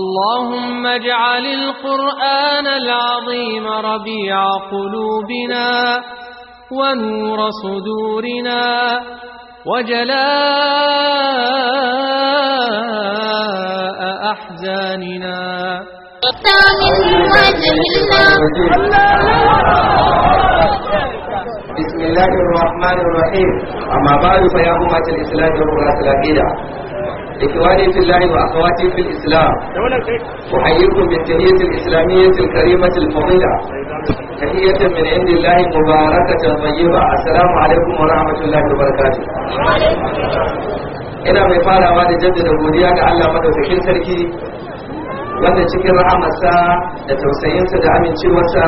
اللهم اجعل القرآن العظيم ربيع قلوبنا ونور صدورنا وجلاء أحزاننا بسم الله الرحمن الرحيم أما بعد فيا أمة الإسلام وقرة العقيدة إخواني في الله وأخواتي في الإسلام أحييكم بالتحية الإسلامية الكريمة الفضيلة تحية من ina mai farawa da jaddada godiya da Allah madaukakin sarki wanda cikin rahamarsa da tausayinsa da amincewarsa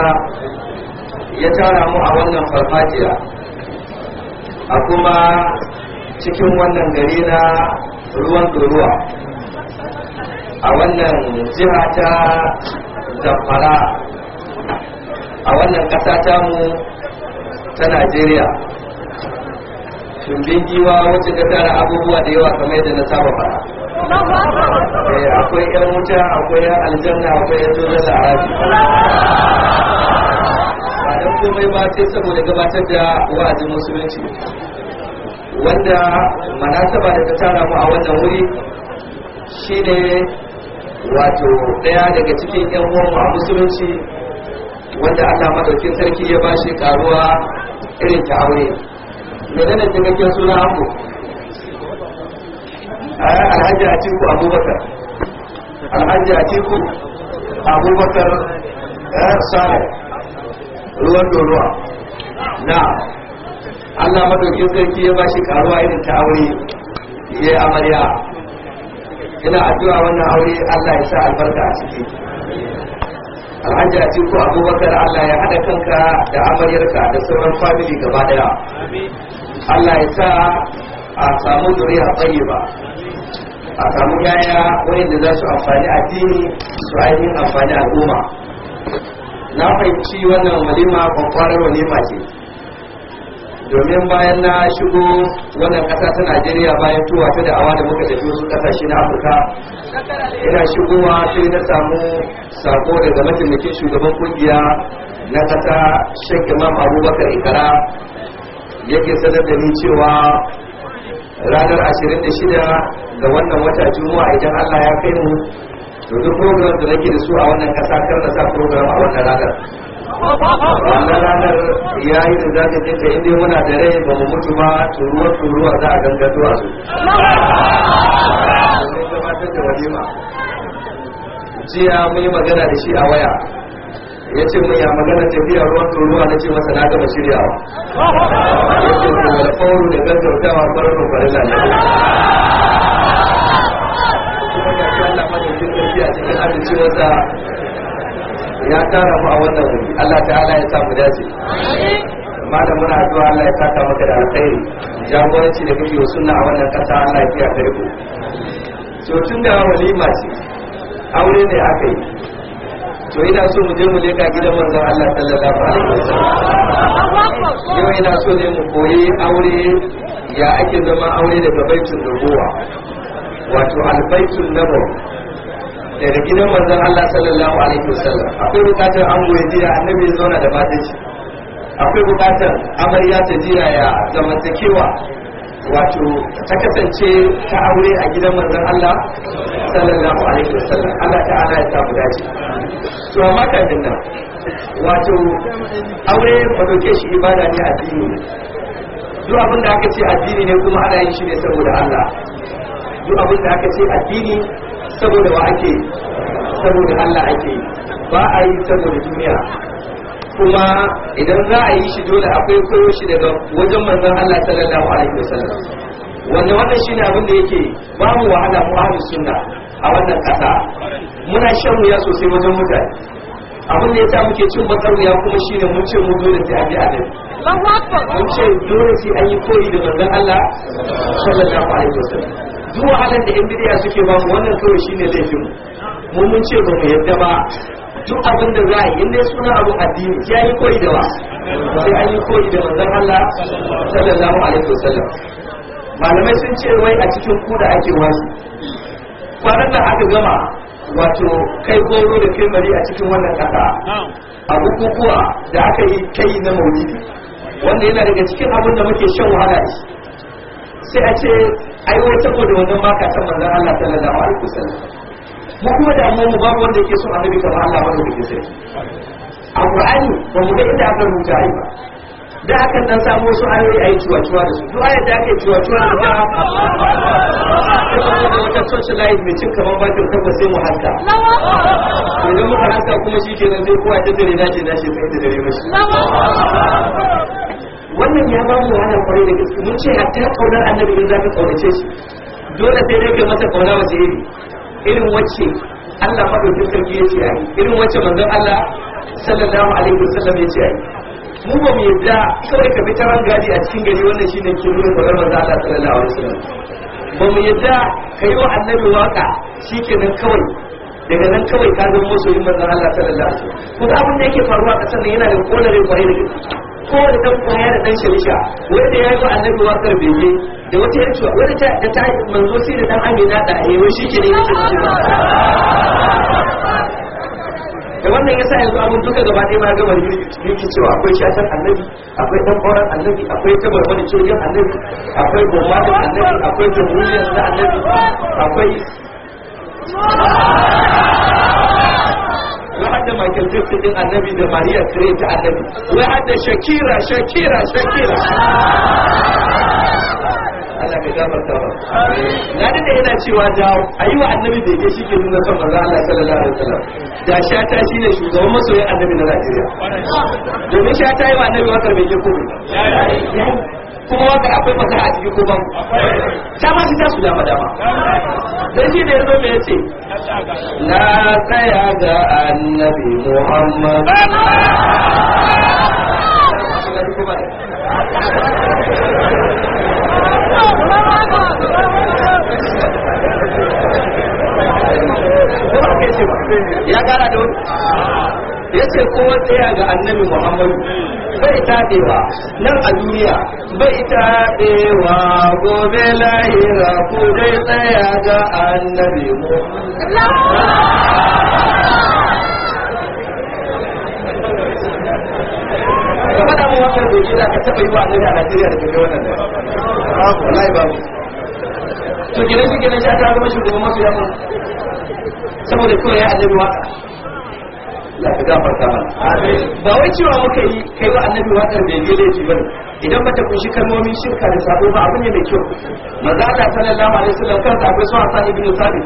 ya tara mu a wannan farfajiya a kuma cikin wannan gari na ruwan ruwa a wannan jiha ta zamfara a wannan ƙasa tamu ta najeriya tumbin giwa wacce ta tara abubuwa da yawa kamar yadda na saba fara eh, akwai yan wuta akwai yan aljanna akwai yan zuwa da arabi ba don komai ba sai saboda gabatar da wa'azin musulunci wanda manasaba da ta tara mu a wannan wuri shine wato daya daga cikin yan uwan mu a musulunci wanda Allah madaukin sarki ya bashi karuwa irin ta aure daga kin suna ku alhaji atiku abubakar alhaji atiku abubakar eh, sare ruwan doruwa na Allah madaukin sarki ya bashi karuwa irin ta aure ya yi amarya ina addu'a wannan aure Allah ya sa albarka a ciki alhaji a ko abubakar Allah ya haɗa kanka da amaryarka da sauran family gaba daya Allah ya sa a samu zuriya tsaye ba a samu yaya wayanda za su amfani a addini su ainihin amfani al'umma na fahimci wannan walima kwakwarar walima ce domin bayan na shigo wannan kasa ta najeriya bayan tuwa ta da'awa da muka tafi wasu kasashe na afirka ina shigowa sai na samu sako daga mataimakin shugaban kungiya na kasa shek imam abubakar ikara yake sanar da ni cewa ranar 26 ga wannan wata juma'a idan allah ya kai mu to duk program da nake da su a wannan kasa kar na sa program a wannan ranar wannan ranar ya yi da zaka ce ta inda muna da rai ba mu mutu ba turuwa turuwa za a gangato a su jiya mun yi magana da shi a waya ya ce mun ya magana tafiya ruwan turuwa na ce masa na gama shiryawa ya ce kuma da fauru da gaggautawa farko farilla ne kuma ga shi Allah madaukin sarki a cikin amincewarsa ya tara mu a wannan wuri Allah ta'ala ya sa mu dace malam muna addu'a Allah ya saka maka da alkhairi jagoranci da kake wa sunna a wannan kasa Allah ya kiyaye karku so tun da walima ce aure ne aka yi to ina so mu je mu leka gidan manzon Allah sallallahu alaihi wasallam yau ina so ne mu koyi aure ya ake zama aure daga baitul nubuwa wato albaitul nabawi Eh, daga gidan manzon Allah sallallahu alaihi wasallam akwai bukatar an goye jira annabi ya zauna da mataci akwai bukatar amarya ta jira ya zamantakewa wato ta kasance ta aure a gidan manzon Allah sallallahu alaihi wasallam Allah ta'ala ya tafi dace to amma kafin nan wato aure ba ke shi ibada ne addini duk abin da aka ce addini ne kuma ana yin shi ne saboda Allah duk abin da aka ce addini saboda wa ake saboda Allah ake ba a yi saboda duniya kuma idan za a yi shi dole akwai koyo shi daga wajen manzon Allah sallallahu alaihi wasallam wanda wannan shine abin da yake ba mu wahala mu ahlus sunna a wannan kasa muna shan wuya sosai wajen mutane abin da ya ta muke cin matsarniya kuma shi ne mun ce mu dole sai abi yi mun ce dole sai an yi koyi da manzon Allah sallallahu alaihi wasallam duk wahalar da yan bidiya suke ba mu wannan kawai shine laifin mu mun ce ba mu yadda ba duk abin da za a yi inda suna abu addini ya yi koyi da ba sai an yi koyi da manzon Allah sallallahu alaihi wasallam malamai sun ce wai a cikin ku da ake wasu kwanan da aka gama wato kai goro da kai a cikin wannan kasa a bukukuwa da aka yi kai na maulidi wanda yana daga cikin abin da muke shan wahala sai a ce ai wai saboda wannan ba ka san manzon Allah sallallahu alaihi wasallam mu kuma da mu mu babu wanda yake so annabi kamar Allah wanda yake sai a ba mu da inda aka rubuta ai ba da aka dan samu wasu ayoyi ayi ciwa-ciwa da su du'a yadda aka yi ciwa-ciwa da ba da wata social life mai cin kamar bakin kan sai mu haska idan muka haska kuma shi ke nan zai kowa ta dare dace dace sai da dare mashi wannan ya ba su wahala kwarai da gaske mun ce hatta kaunar annabi in za ka kaunace shi dole sai dai ka masa kauna wace iri irin wacce Allah madaukin sarki ya ce ai irin wacce manzon Allah sallallahu alaihi wasallam ya ce ai mu ba mu yadda kawai ka fita ran gadi a cikin gari wannan shine ke nuna kaunar manzon Allah sallallahu alaihi wasallam ba mu yadda ka yi wa annabi waka shikenan kawai daga nan kawai ka zama masoyin manzon Allah sallallahu alaihi wasallam kuma abin da yake faruwa a kasar nan yana da kolare kwarai da gaske kowane dan kwaya da dan shausha wanda ya zo annabi wakar bege da wata ya cewa wanda ta da ta manzo sai da dan amina da ayyuka shike ne yake da wannan yasa yanzu abun duka gaba ɗaya ma gaba yake cewa akwai shashar annabi akwai dan kwaran annabi akwai tabar wani cokin annabi akwai bomba da annabi akwai jamhuriyar da annabi akwai wai hadda Michael Jackson din annabi da Maria Carey ta annabi wai hadda Shakira Shakira Shakira Allah ka ta ba na da yana cewa da ayi wa annabi da yake shike nuna son manzo Allah sallallahu alaihi wasallam da shata shine shugaban masoyin annabi na Najeriya domin shata yi wa annabi wakar bai ke ba kuma waka akwai fasaha a cikin ko ba ta ma shi ta su dama dama dan shi da yazo me yace na tsaya ga annabi muhammad ya gara da wani yace kowa tsaya ga annabi muhammadu bai taɗewa nan a duniya bai taɗewa gobe lahira ku dai tsaya ga annabi ka faɗa mu doki da ka taɓa yi wa a najeriya da kai wannan ah, wallahi ba. to gidan shi gidan shi ta zama shugaban masu yamma saboda kawai ya annabi waka Allah ka gafarta mana ba wai cewa muka yi kai wa annabi wakar da yake laifi ba idan bata kunshi kalmomin shirka da sabo ba abu ne mai kyau maza Allah sallallahu alaihi wasallam kansa akwai su Hassan ibn Thabit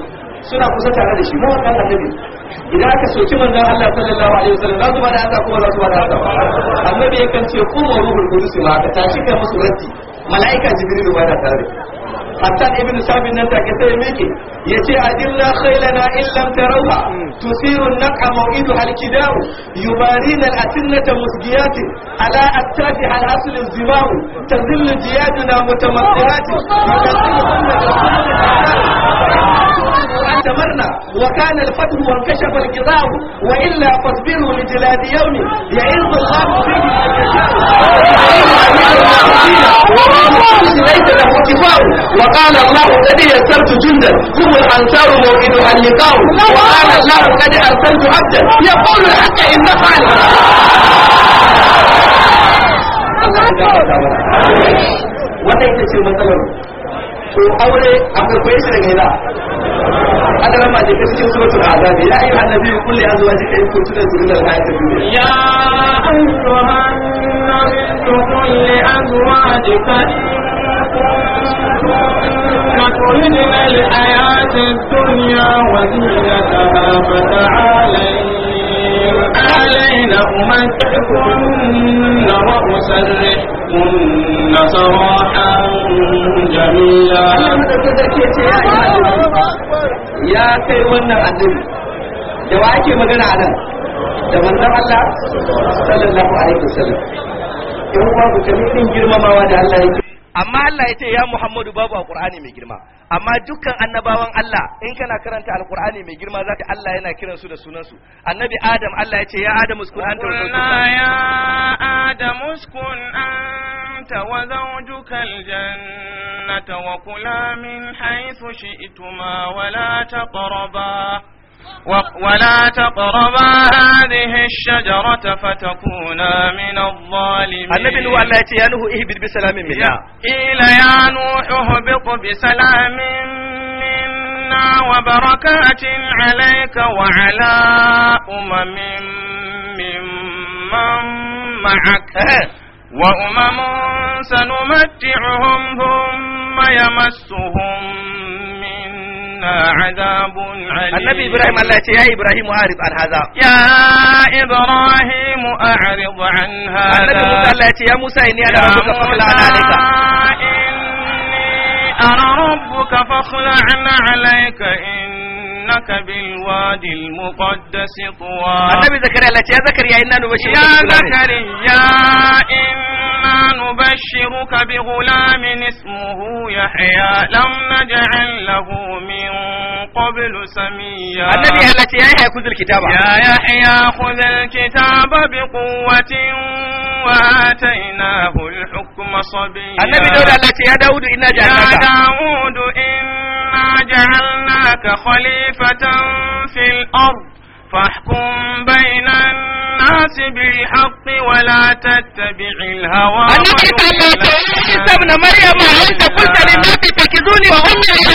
suna kusa tare da shi mu kan annabi idan aka soki manzon Allah sallallahu alaihi wasallam za su bada haka kuma za su bada haka annabi yakan ce kuma ruhul qudus ma ka tashi kai musu ratti mala'ika jibril ba da tare hatta ibn sabin nan take sai miki yace adilla khailana in lam tarawha tusiru an-naqa mawidu al-kidau yubarina al-atinnata musgiyati ala attafi al-asl az-zimau tazillu jiyaduna mutamassirati wa tazillu اعتمرنا وكان الفتح وانكشف الكتاب وإلا فاصبروا لجلاد يوم يعظ الله فيه يشاء وقال الله قد يسرت جندا هم الأنصار موعدها اللقاء وقال الله قد أرسلت عبدا يقول الحق إن فعل wannan ita ko aure a farkon shi daga ila adana ma jika cikin a zabi ya ayyuhan kulle Ya li azwajika in kuntunna turidna al-hayata ad tafi ya ayyuhan nabiyyu qul li azwajika تردنا الحياة الدنيا وزينتها فتعالين علينا أمتعكن وأسرحكن سراحا جميلا يا كي ونا عدل دواعي مغنى على da manzon Allah sallallahu alaihi wasallam in ba ku kalli girmamawa da Allah yake amma Allah ya ce ya Muhammadu babu a mai girma amma dukkan annabawan Allah in kana karanta alqur'ani mai girma zaka Allah yana kiransu da sunansu annabi Adam Allah ya ce ya Adam uskun anta wa zawjuka ya Adam uskun anta wa zawjuka aljannata wa kula min haythu shi'tuma wa la taqraba ولا تقربا هذه الشجرة فتكونا من الظالمين النبي نوح الله يا نوح اهبط بسلام منا قيل يا نوح اهبط بسلام منا وبركات عليك وعلى أمم ممن معك أه. وأمم سنمتعهم ثم يمسهم عذاب عليم النبي إبراهيم الله يا إبراهيم أعرض عن هذا يا إبراهيم أعرض عن هذا النبي موسى الله يا موسى إني أنا ربك فخلع عليك إني أنا ربك فاخلع عليك إنك بالواد المقدس طوى النبي زكريا لا يا زكريا إنا نبشرك يا زكريا إن إنا نبشرك بغلام اسمه يحيى لم نجعل له من قبل سميا النبي التي يا يحيى خذ الكتاب يا يحيى خذ الكتاب بقوة وآتيناه الحكم صبيا النبي دولة التي يا داود إنا جعلناك يا داود إنا جعلناك خليفة في الأرض فاحكم بين الناس الناس بالحق ولا تتبع الهوى انك صلى الله ابن مريم أنت قلت للناس اتخذوني وأمي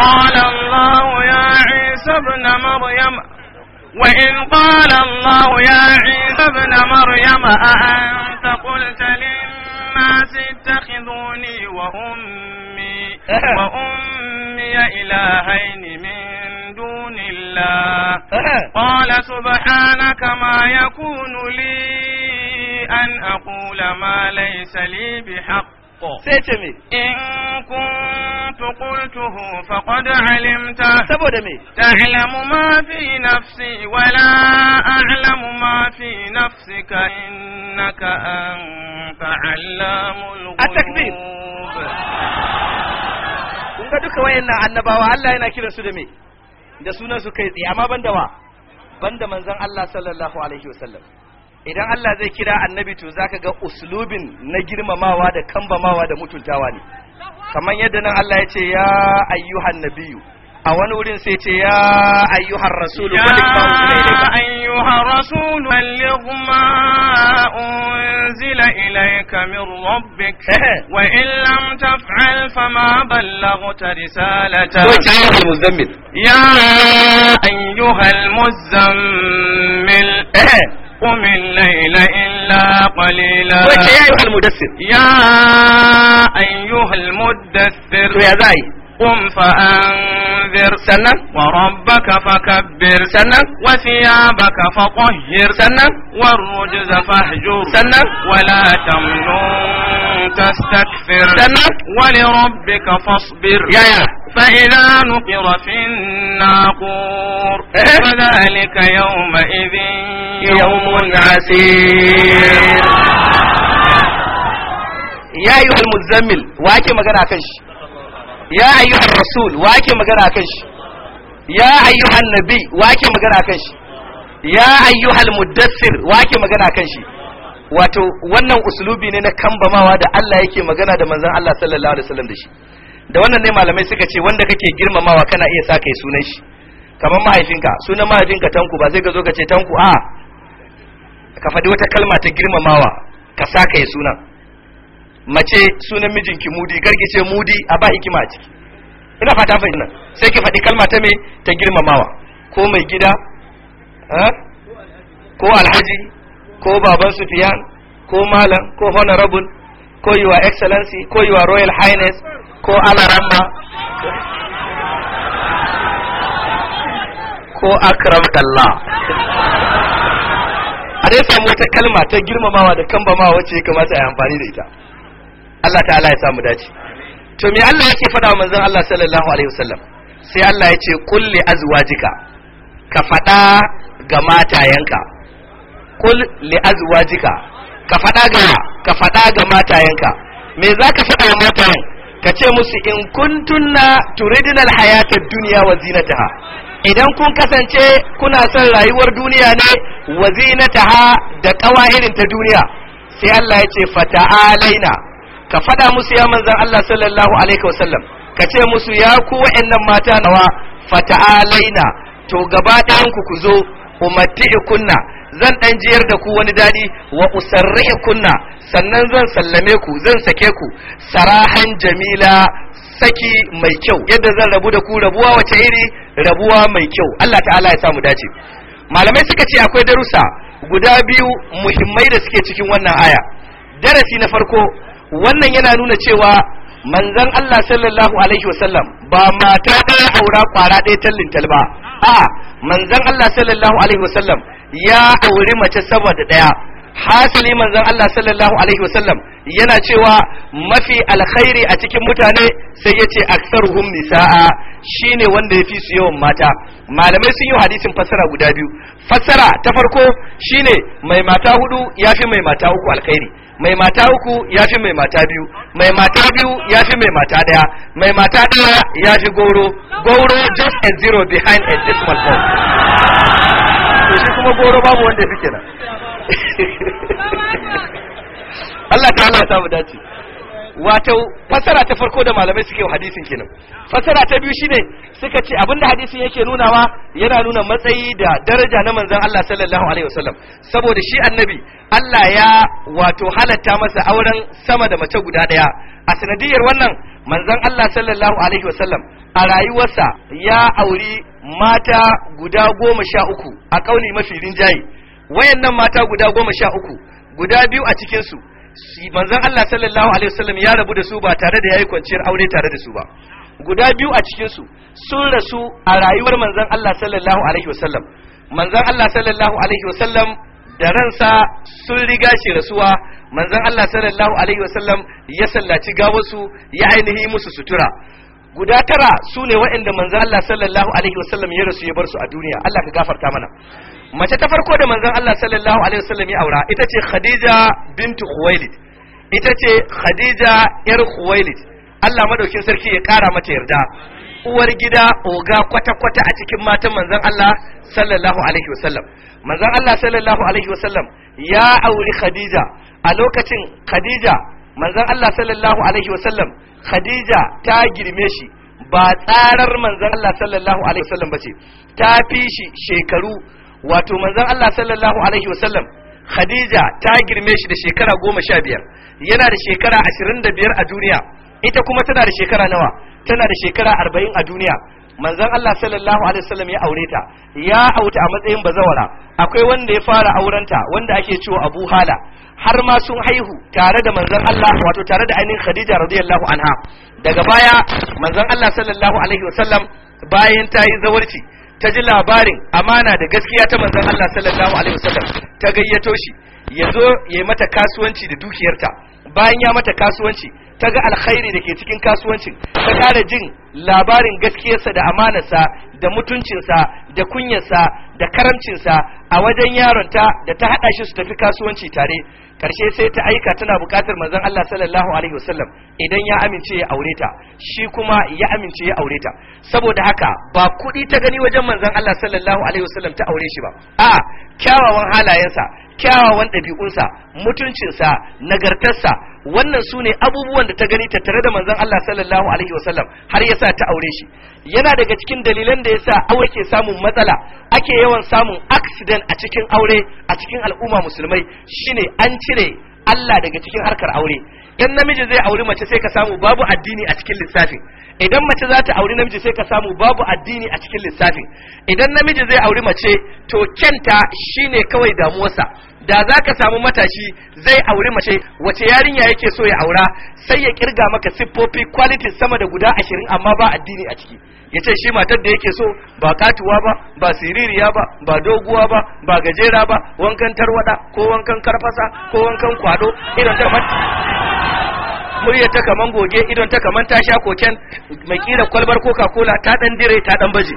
قال الله يا عيسى ابن مريم وإن قال الله يا عيسى ابن مريم أأنت قلت للناس اتخذوني وأمي وأمي إلهين من دون الله قال سبحانك ما يكون لي أن أقول ما ليس لي بحق إن كنت قلته فقد علمت تعلم ما في نفسي ولا أعلم ما في نفسك إنك أنت علام الغيوب التكبير kun ga duka wayannan annabawa Allah da sunan su kai tsaye amma banda wa banda manzon Allah sallallahu alaihi wasallam idan Allah zai kira annabi to zaka ga uslubin na girmamawa da kambamawa da mutuntawa ne kamar yadda nan Allah ya ce ya ayyuhan nabiyyu a wani wurin sai ce ya ayyuhar rasulu ya ayyuhar rasulu balligh ma unzila ilayka min rabbik wa in lam taf'al fama ballaghta risalata ya ayyuhal muzammil قم الليل إلا قليلا يا أيها المدثر يا أيها المدثر قم فأنذر سنة وربك فكبر سنة وثيابك فطهر سنة والرجز فاهجر سنة ولا تمنن تستكثر سنة ولربك فاصبر يا يا فإذا نقر في الناقور إيه؟ فذلك يومئذ يوم عسير يا أيها المزمل واكي مغنى كش ya ayyuhar rasul wa ke magana kan shi ya ayyuhan nabi wa ke magana kan shi ya ayyuhal muddassir wa ke magana kan shi wato wannan uslubi ne na kambamawa da Allah yake magana da manzon Allah sallallahu alaihi wasallam da shi da wannan ne malamai suka ce wanda kake girmamawa kana iya sa kai sunan shi kamar mahaifinka sunan mahaifinka tanku ba sai ka zo ka ce tanku a ka faɗi wata kalma ta girmamawa ka sa kai sunan mace sunan mijinki mudi gargice mudi a ba hikima a ciki ina fata fahimta nan sai ki faɗi kalma ta me ta girmamawa ko mai gida eh? ko alhaji ko baban sufiyan ko malam ko honorable ko yiwa excellency ko yiwa royal highness ko alaramba ko akramtallah a dai samu wata kalma ta girmamawa da kambamawa wacce ya kamata a yi amfani da ita Allah ta'ala ya samu dace to me Allah yake faɗa wa manzon Allah sallallahu alaihi wasallam sai Allah ya ce kulli azwajika ka faɗa ga matayenka kul li azwajika ka faɗa ga ka faɗa ga matayenka me za ka faɗa wa matayen ka ce musu in kuntunna turidinal hayata duniya wa zinataha idan kun kasance kuna son rayuwar duniya ne wa zinataha da kawa irin ta duniya sai Allah ya ce fata'alaina ka faɗa musu ya manzan Allah sallallahu alaihi wasallam ka ce musu ya ku wa'annan mata nawa fata'alaina to gaba ɗayan ku ku zo kunna zan ɗan jiyar da ku wani daɗi wa kunna sannan zan sallame ku zan sake ku sarahan jamila saki mai kyau yadda zan rabu da ku rabuwa wace iri rabuwa mai kyau Allah ta'ala ya samu dace malamai suka ce akwai darussa guda biyu muhimmai da suke cikin wannan aya darasi na farko wannan yana nuna cewa manzan Allah sallallahu alaihi wasallam ba mata ɗaya aura kwara ɗaya tallin ba a manzan Allah sallallahu alaihi wasallam ya auri mace saboda da ɗaya hasali manzan Allah sallallahu alaihi wasallam yana cewa mafi alkhairi a cikin mutane sai yace aktsaruhum nisaa shine wanda yafi su yawan mata malamai sun yi hadisin fassara guda biyu fassara ta farko shine mai mata hudu yafi mai mata uku alkhairi mai mata uku ya fi mai mata biyu mai mata biyu ya fi mai mata daya mai mata daya ya fi goro goro just a zero behind a decimal point to shi kuma goro babu wanda ya fi kenan Allah ta Allah ta mu dace wato fasara ta farko da malamai suke hadisin kenan fasara ta biyu shine suka ce abinda hadisin yake nunawa yana nuna matsayi da daraja na manzon Allah sallallahu alaihi wasallam saboda shi annabi Allah ya wato halatta masa auren sama da mace guda daya a sanadiyar wannan manzon Allah sallallahu alaihi wasallam a rayuwarsa ya auri mata guda goma sha uku a kauni mafi rinjaye wayannan mata guda goma sha uku guda biyu a cikinsu manzon Allah sallallahu alaihi wasallam ya rabu da su ba tare da yayi kwanciyar aure tare da su ba guda biyu a cikin su sun rasu a rayuwar manzon Allah sallallahu alaihi wasallam manzon Allah sallallahu alaihi wasallam da ransa sun riga shi rasuwa manzon Allah sallallahu alaihi wasallam ya sallaci gawarsu ya ainihi musu sutura guda tara su ne waɗanda manzon Allah sallallahu alaihi wasallam ya rasu ya bar su a duniya Allah ka gafarta mana mace ta farko da manzon Allah sallallahu alaihi wasallam ya aura ita ce Khadija bintu Khuwailid ita ce Khadija yar Khuwailid Allah madaukin sarki ya kara mata yarda uwar gida oga kwata-kwata a cikin matan manzon Allah sallallahu alaihi wasallam manzon Allah sallallahu alaihi wasallam ya auri Khadija a lokacin Khadija manzon Allah sallallahu alaihi wasallam Khadija ta girme shi ba tsarar manzon Allah sallallahu alaihi wasallam bace ta fi shi shekaru wato manzon Allah sallallahu alaihi wasallam Khadija ta girme shi da shekara goma sha biyar yana da shekara ashirin da biyar a duniya ita kuma tana da shekara nawa tana da shekara arba'in a duniya manzon Allah sallallahu alaihi wasallam ya aure ta ya auta a matsayin bazawara akwai wanda ya fara aurenta wanda ake cewa Abu Hala har ma sun haihu tare da manzon Allah wato tare da ainihin Khadija radiyallahu anha daga baya manzon Allah sallallahu alaihi wasallam bayan ta yi zawarci ta ji labarin amana da gaskiya ta manzon Allah sallallahu alaihi wasallam ta gayyato shi ya zo ya yi mata kasuwanci da dukiyarta bayan ya mata kasuwanci ta ga alkhairi da ke cikin kasuwancin ta ƙara jin labarin gaskiyarsa da amanarsa da mutuncinsa da kunyarsa da karamcinsa a wajen yaronta da ta haɗa shi su tafi kasuwanci tare karshe sai ta aika tana bukatar manzon Allah sallallahu alaihi wasallam idan ya amince ya aure ta shi kuma ya amince ya aure ta saboda haka ba kuɗi ta gani wajen manzon Allah sallallahu alaihi wasallam ta aure shi ba a kyawawan halayensa kyawawan ɗabi'unsa mutuncinsa nagartarsa wannan su ne abubuwan da ta gani tattare da manzon Allah sallallahu alaihi wasallam har yasa ta aure shi yana daga cikin dalilan da yasa aure ke samun matsala ake yawan samun accident a cikin aure a cikin al'umma musulmai shine an cire Allah daga cikin harkar aure in namiji zai auri mace sai ka samu babu addini a cikin lissafin idan mace za ta auri namiji sai ka samu babu addini a cikin lissafin idan namiji zai auri mace to kenta shine kawai damuwarsa da za ka samu matashi zai auri mace wace yarinya yake so ya aura sai ya kirga maka siffofi quality sama da guda ashirin amma ba addini a ciki ya ce shi matar da yake so ba katuwa ba ba siririya ba ba doguwa ba ba gajera ba wankan tarwada ko wankan karfasa ko wankan kwado irin ta muryar ta kaman goge idon ta kaman ta sha koken mai kira kwalbar coca cola ta dan dire ta dan baje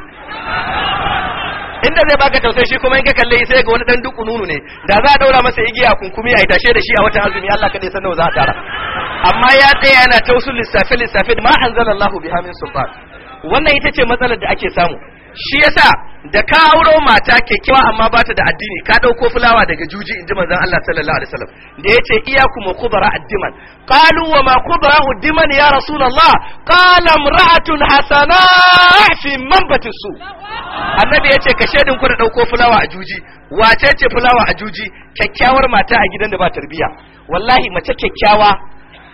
inda zai baka tausayi shi kuma in ka kalle sai ga wani dan duku nunu ne da za a daura masa igiya kunkumi a tashe da shi a watan azumi Allah kadai san nawa za a tara amma ya tsaya yana tausul lissafi lissafi ma anzalallahu biha min sultan wannan ita ce matsalar da ake samu shi yasa da ka auro mata kyakkyawa amma bata da addini ka dauko fulawa daga juji inji manzon Allah sallallahu alaihi wasallam da yace iyakum kubra addiman qalu wa ma kubra addiman ya rasulullah qala imra'atun hasana fi manbati su annabi yace ka shedin ku da dauko fulawa a juji wace ce fulawa a juji kyakkyawar mata a gidan da ba tarbiya wallahi mace kyakkyawa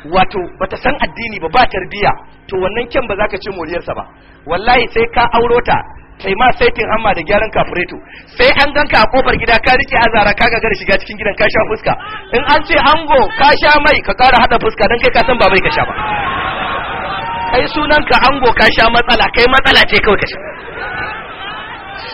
wato bata san addini ba ba tarbiya to wannan kyan ba za ka ce moriyarsa ba wallahi sai ka auro ta kai ma saitin hamma da gyaran kafureto sai an ganka a kofar gida ka rike azara ka gagar shiga cikin gidan ka sha fuska in an ce ango ka sha mai ka kara hada fuska dan kai ka san ba mai ka sha ba kai sunan ka ango ka sha matsala kai matsala ce kawai ka sha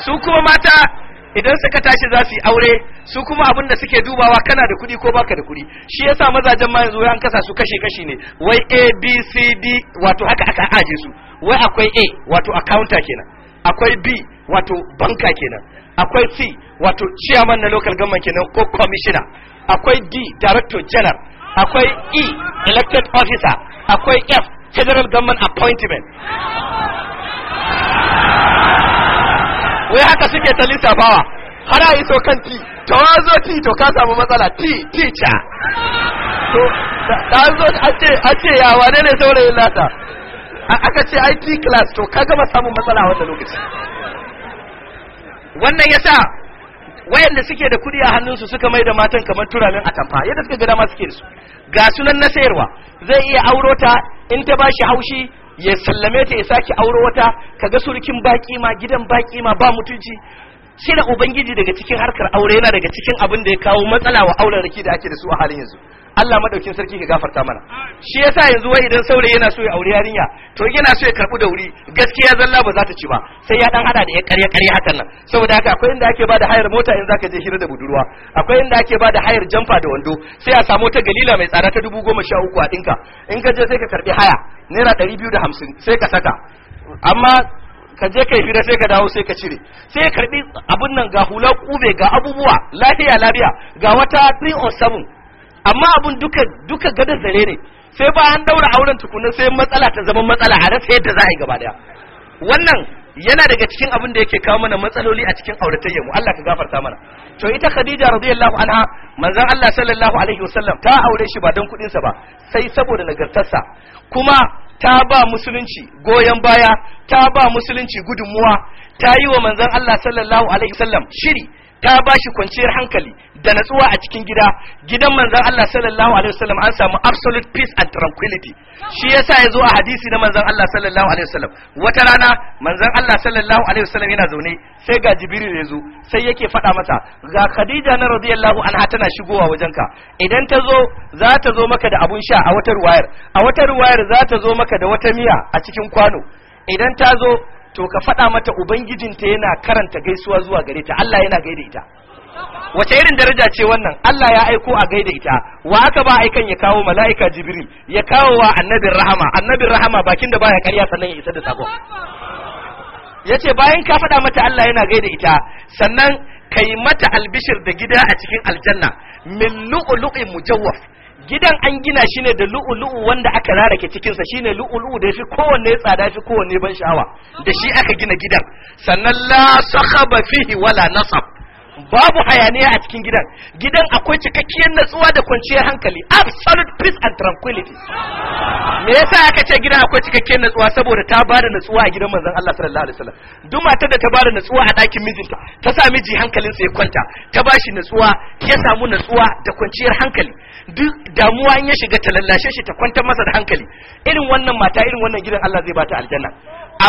su kuma mata idan suka tashi za su yi aure su kuma abin da suke dubawa kana da kuɗi ko baka da kuɗi shi yasa mazajen ma yanzu an kasa su kashe kashi ne wai a b c d wato haka aka aje su wai akwai a wato accounta kenan akwai b wato banka kenan akwai c wato chairman na local government kenan ko commissioner akwai d director general akwai e elected officer akwai f federal government appointment wai haka suke ta littafawa har a iso kan ti tawazo ti to ka samu matsala ti ti ca to an zo a ce ya wane ne saurayin lata aka ce IT ti class to ka gama samun matsala a wannan lokaci wannan yasa wayanda suke da kudi a hannunsu suka mai da matan kamar turamin atamfa yadda suka ga dama suke da su ga sunan na sayarwa zai iya auro ta in ta bashi haushi ya sallame ta ya sake aure wata kaga surukin baki ma gidan baki ma ba mutunci da ubangiji daga cikin harkar aure yana daga cikin abin da ya kawo matsala wa auren riki da ake da su a halin yanzu Allah madaukin sarki ka gafarta mana shi yasa yanzu wai idan saurayi yana so ya aure yarinya to yana so ya karbu da wuri gaskiya zalla ba za ta ci ba sai ya dan hada da ya karya karya hakan nan saboda haka akwai inda ake bada hayar mota in zaka je hira da budurwa akwai inda ake bada hayar jamfa da wando sai a samu ta galila mai tsada ta dubu goma sha uku a dinka in ka je sai ka karbi haya naira ɗari biyu da hamsin sai ka saka amma ka je kai fira sai ka dawo sai ka cire sai ka karbi abun nan ga hula kube ga abubuwa lafiya lafiya ga wata 3 or 7 amma abun duka duka gada zare ne sai ba an daura auren tukunan sai matsala ta zama matsala a rasa yadda za a yi gaba daya wannan yana daga cikin abin da yake kawo mana matsaloli a cikin auratayya mu Allah ka gafarta mana to ita Khadija radiyallahu anha manzon Allah sallallahu alaihi wasallam ta aure shi ba dan kudin sa ba sai saboda nagartarsa kuma ta ba musulunci goyon baya ta ba musulunci gudunmuwa ta yi wa manzon Allah sallallahu alaihi wasallam shiri ta ba shi kwanciyar hankali da natsuwa a cikin gida gidan manzon Allah sallallahu alaihi wasallam an samu absolute peace and tranquility shi yasa ya zo a hadisi na manzon Allah sallallahu alaihi wasallam wata rana manzon Allah sallallahu alaihi wasallam yana zaune sai ga Jibril ya zo sai yake faɗa masa. ga Khadija na radiyallahu anha tana shigowa wajenka idan ta zo za ta zo maka da abun sha a wata ruwayar a wata ruwayar za ta zo maka da wata miya a cikin kwano idan ta zo to ka faɗa mata ubangijinta yana karanta gaisuwa zuwa gare ta Allah yana gaida ita wace irin daraja ce wannan Allah ya aiko a gaida ita wa aka ba aikan ya kawo mala'ika jibril ya kawo wa annabin rahama annabin rahama bakin da baya karya sannan ya isa da sako yace bayan ka faɗa mata Allah yana gaida ita sannan kai mata albishir da gida a cikin aljanna min lu'lu'i mujawwaf gidan an gina shi ne da lu'ulu'u wanda aka rarake cikinsa shi ne lu'ulu'u da ya fi kowanne tsada fi kowanne ban sha'awa da shi aka gina gidan sannan la sahaba fihi wala nasab babu hayaniya a cikin gidan gidan akwai cikakkiyar natsuwa da kwanciyar hankali absolute peace and tranquility me yasa aka ce gidan akwai cikakkiyar natsuwa saboda ta bada natsuwa a gidan manzon Allah sallallahu alaihi wasallam duk matar da ta bada natsuwa a ɗakin mijinta ta sa miji hankalinsa ya kwanta ta ba bashi natsuwa ya samu natsuwa da kwanciyar hankali duk damuwa in ya shiga ta lallashe shi ta kwantar masa da hankali irin wannan mata irin wannan gidan Allah zai bata aljanna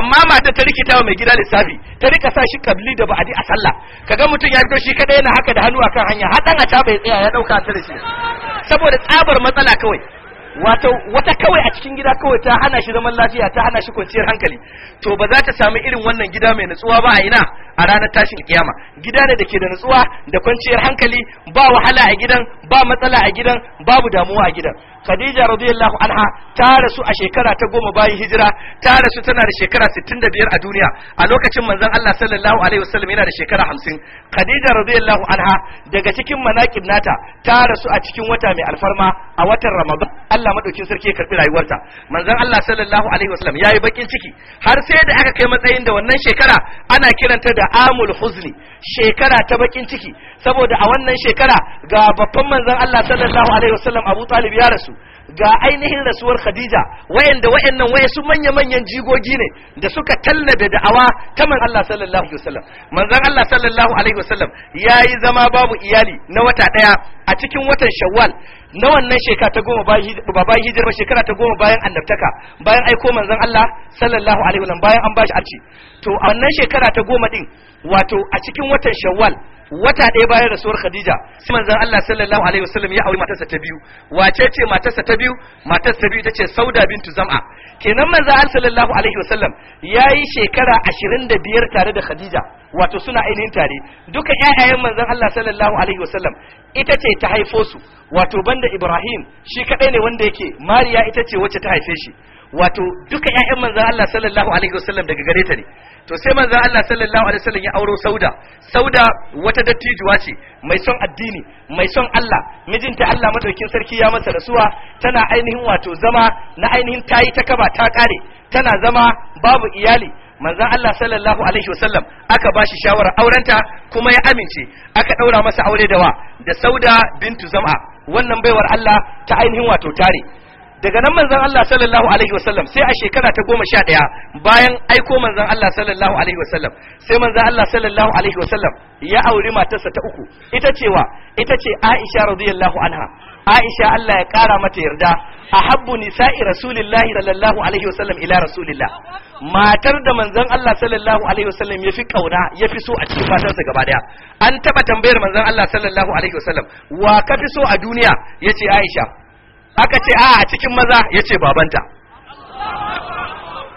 amma mata ta rikita wa mai gida lissafi ta rika sa shi kabli da ba'adi a sallah kaga mutum ya fito ga shi kadai yana haka da hannu akan hanya har dan a bai tsaya ya dauka ta da shi saboda tsabar matsala kawai wato wata kawai a cikin gida kawai ta hana shi zaman lafiya ta hana shi kwanciyar hankali to ba za ta samu irin wannan gida mai nutsuwa ba a ina a ranar tashin kiyama gida ne da ke da nutsuwa da kwanciyar hankali ba wahala a gidan ba matsala a gidan babu damuwa a gidan khadija radiyallahu anha ta rasu a shekara ta goma bayan hijira ta rasu tana da shekara 65 a duniya a lokacin manzon Allah sallallahu alaihi wasallam yana da shekara 50 khadija radiyallahu anha daga cikin manaqib nata ta rasu a cikin wata mai alfarma a watan ramadan Allah Allah madaukin sarki ya karbi rayuwarta manzon Allah sallallahu alaihi wasallam yayi bakin ciki har sai da aka kai matsayin da wannan shekara ana kiranta da amul huzni shekara ta bakin ciki saboda a wannan shekara ga babban manzon Allah sallallahu alaihi wasallam Abu Talib ya rasu ga ainihin rasuwar khadija wayanda wayannan waye su manya manyan jigogi ne da suka tallabe da'awa ta man Allah sallallahu alaihi wasallam manzon Allah sallallahu alaihi wasallam yayi zama babu iyali na wata daya a cikin watan shawwal na wannan shekara ta goma ba bayan hijira shekara ta goma bayan annabtaka bayan aiko manzon Allah sallallahu alaihi wasallam bayan an bashi arci to a wannan shekara ta goma din wato a cikin watan shawwal wata ɗaya bayan rasuwar Khadija sai manzon Allah sallallahu alaihi wasallam ya aure matarsa ta biyu wace ce matarsa ta biyu matarsa ta biyu tace Sauda bintu Zam'a kenan manzon Allah sallallahu alaihi wasallam yayi shekara 25 tare da Khadija wato suna ainihin tare duka ƴaƴayen manzon Allah sallallahu alaihi wasallam ita ce ta haifo su wato banda Ibrahim shi kadai ne wanda yake Mariya ita ce wacce ta haife shi wato duka ƴaƴan manzon Allah sallallahu alaihi wasallam daga gare ta ne to sai manzon Allah sallallahu alaihi wasallam ya auro Sauda Sauda wata dattijuwa ce mai son addini mai son Allah mijinta Allah madaukin sarki ya masa rasuwa tana ainihin wato zama na ainihin tayi ta kaba ta kare tana zama babu iyali manzon Allah sallallahu alaihi wasallam aka bashi shawarar aurenta kuma ya amince aka daura masa aure da wa da Sauda bintu Zam'a wannan baiwar Allah ta ainihin wato tare daga nan manzon Allah sallallahu alaihi wasallam sai a shekara ta goma sha ɗaya bayan aiko manzon Allah sallallahu alaihi wasallam sai manzon Allah sallallahu alaihi wasallam ya auri matarsa ta uku ita cewa ita ce Aisha radiyallahu anha Aisha Allah ya kara mata yarda ahabbu nisa'i rasulillahi sallallahu alaihi wasallam ila rasulillah matar da manzon Allah sallallahu alaihi wasallam yafi kauna yafi so a cikin fatarsa gaba daya an taba tambayar manzon Allah sallallahu alaihi wasallam wa kafi so a duniya yace Aisha aka ce a a cikin maza ya ce babanta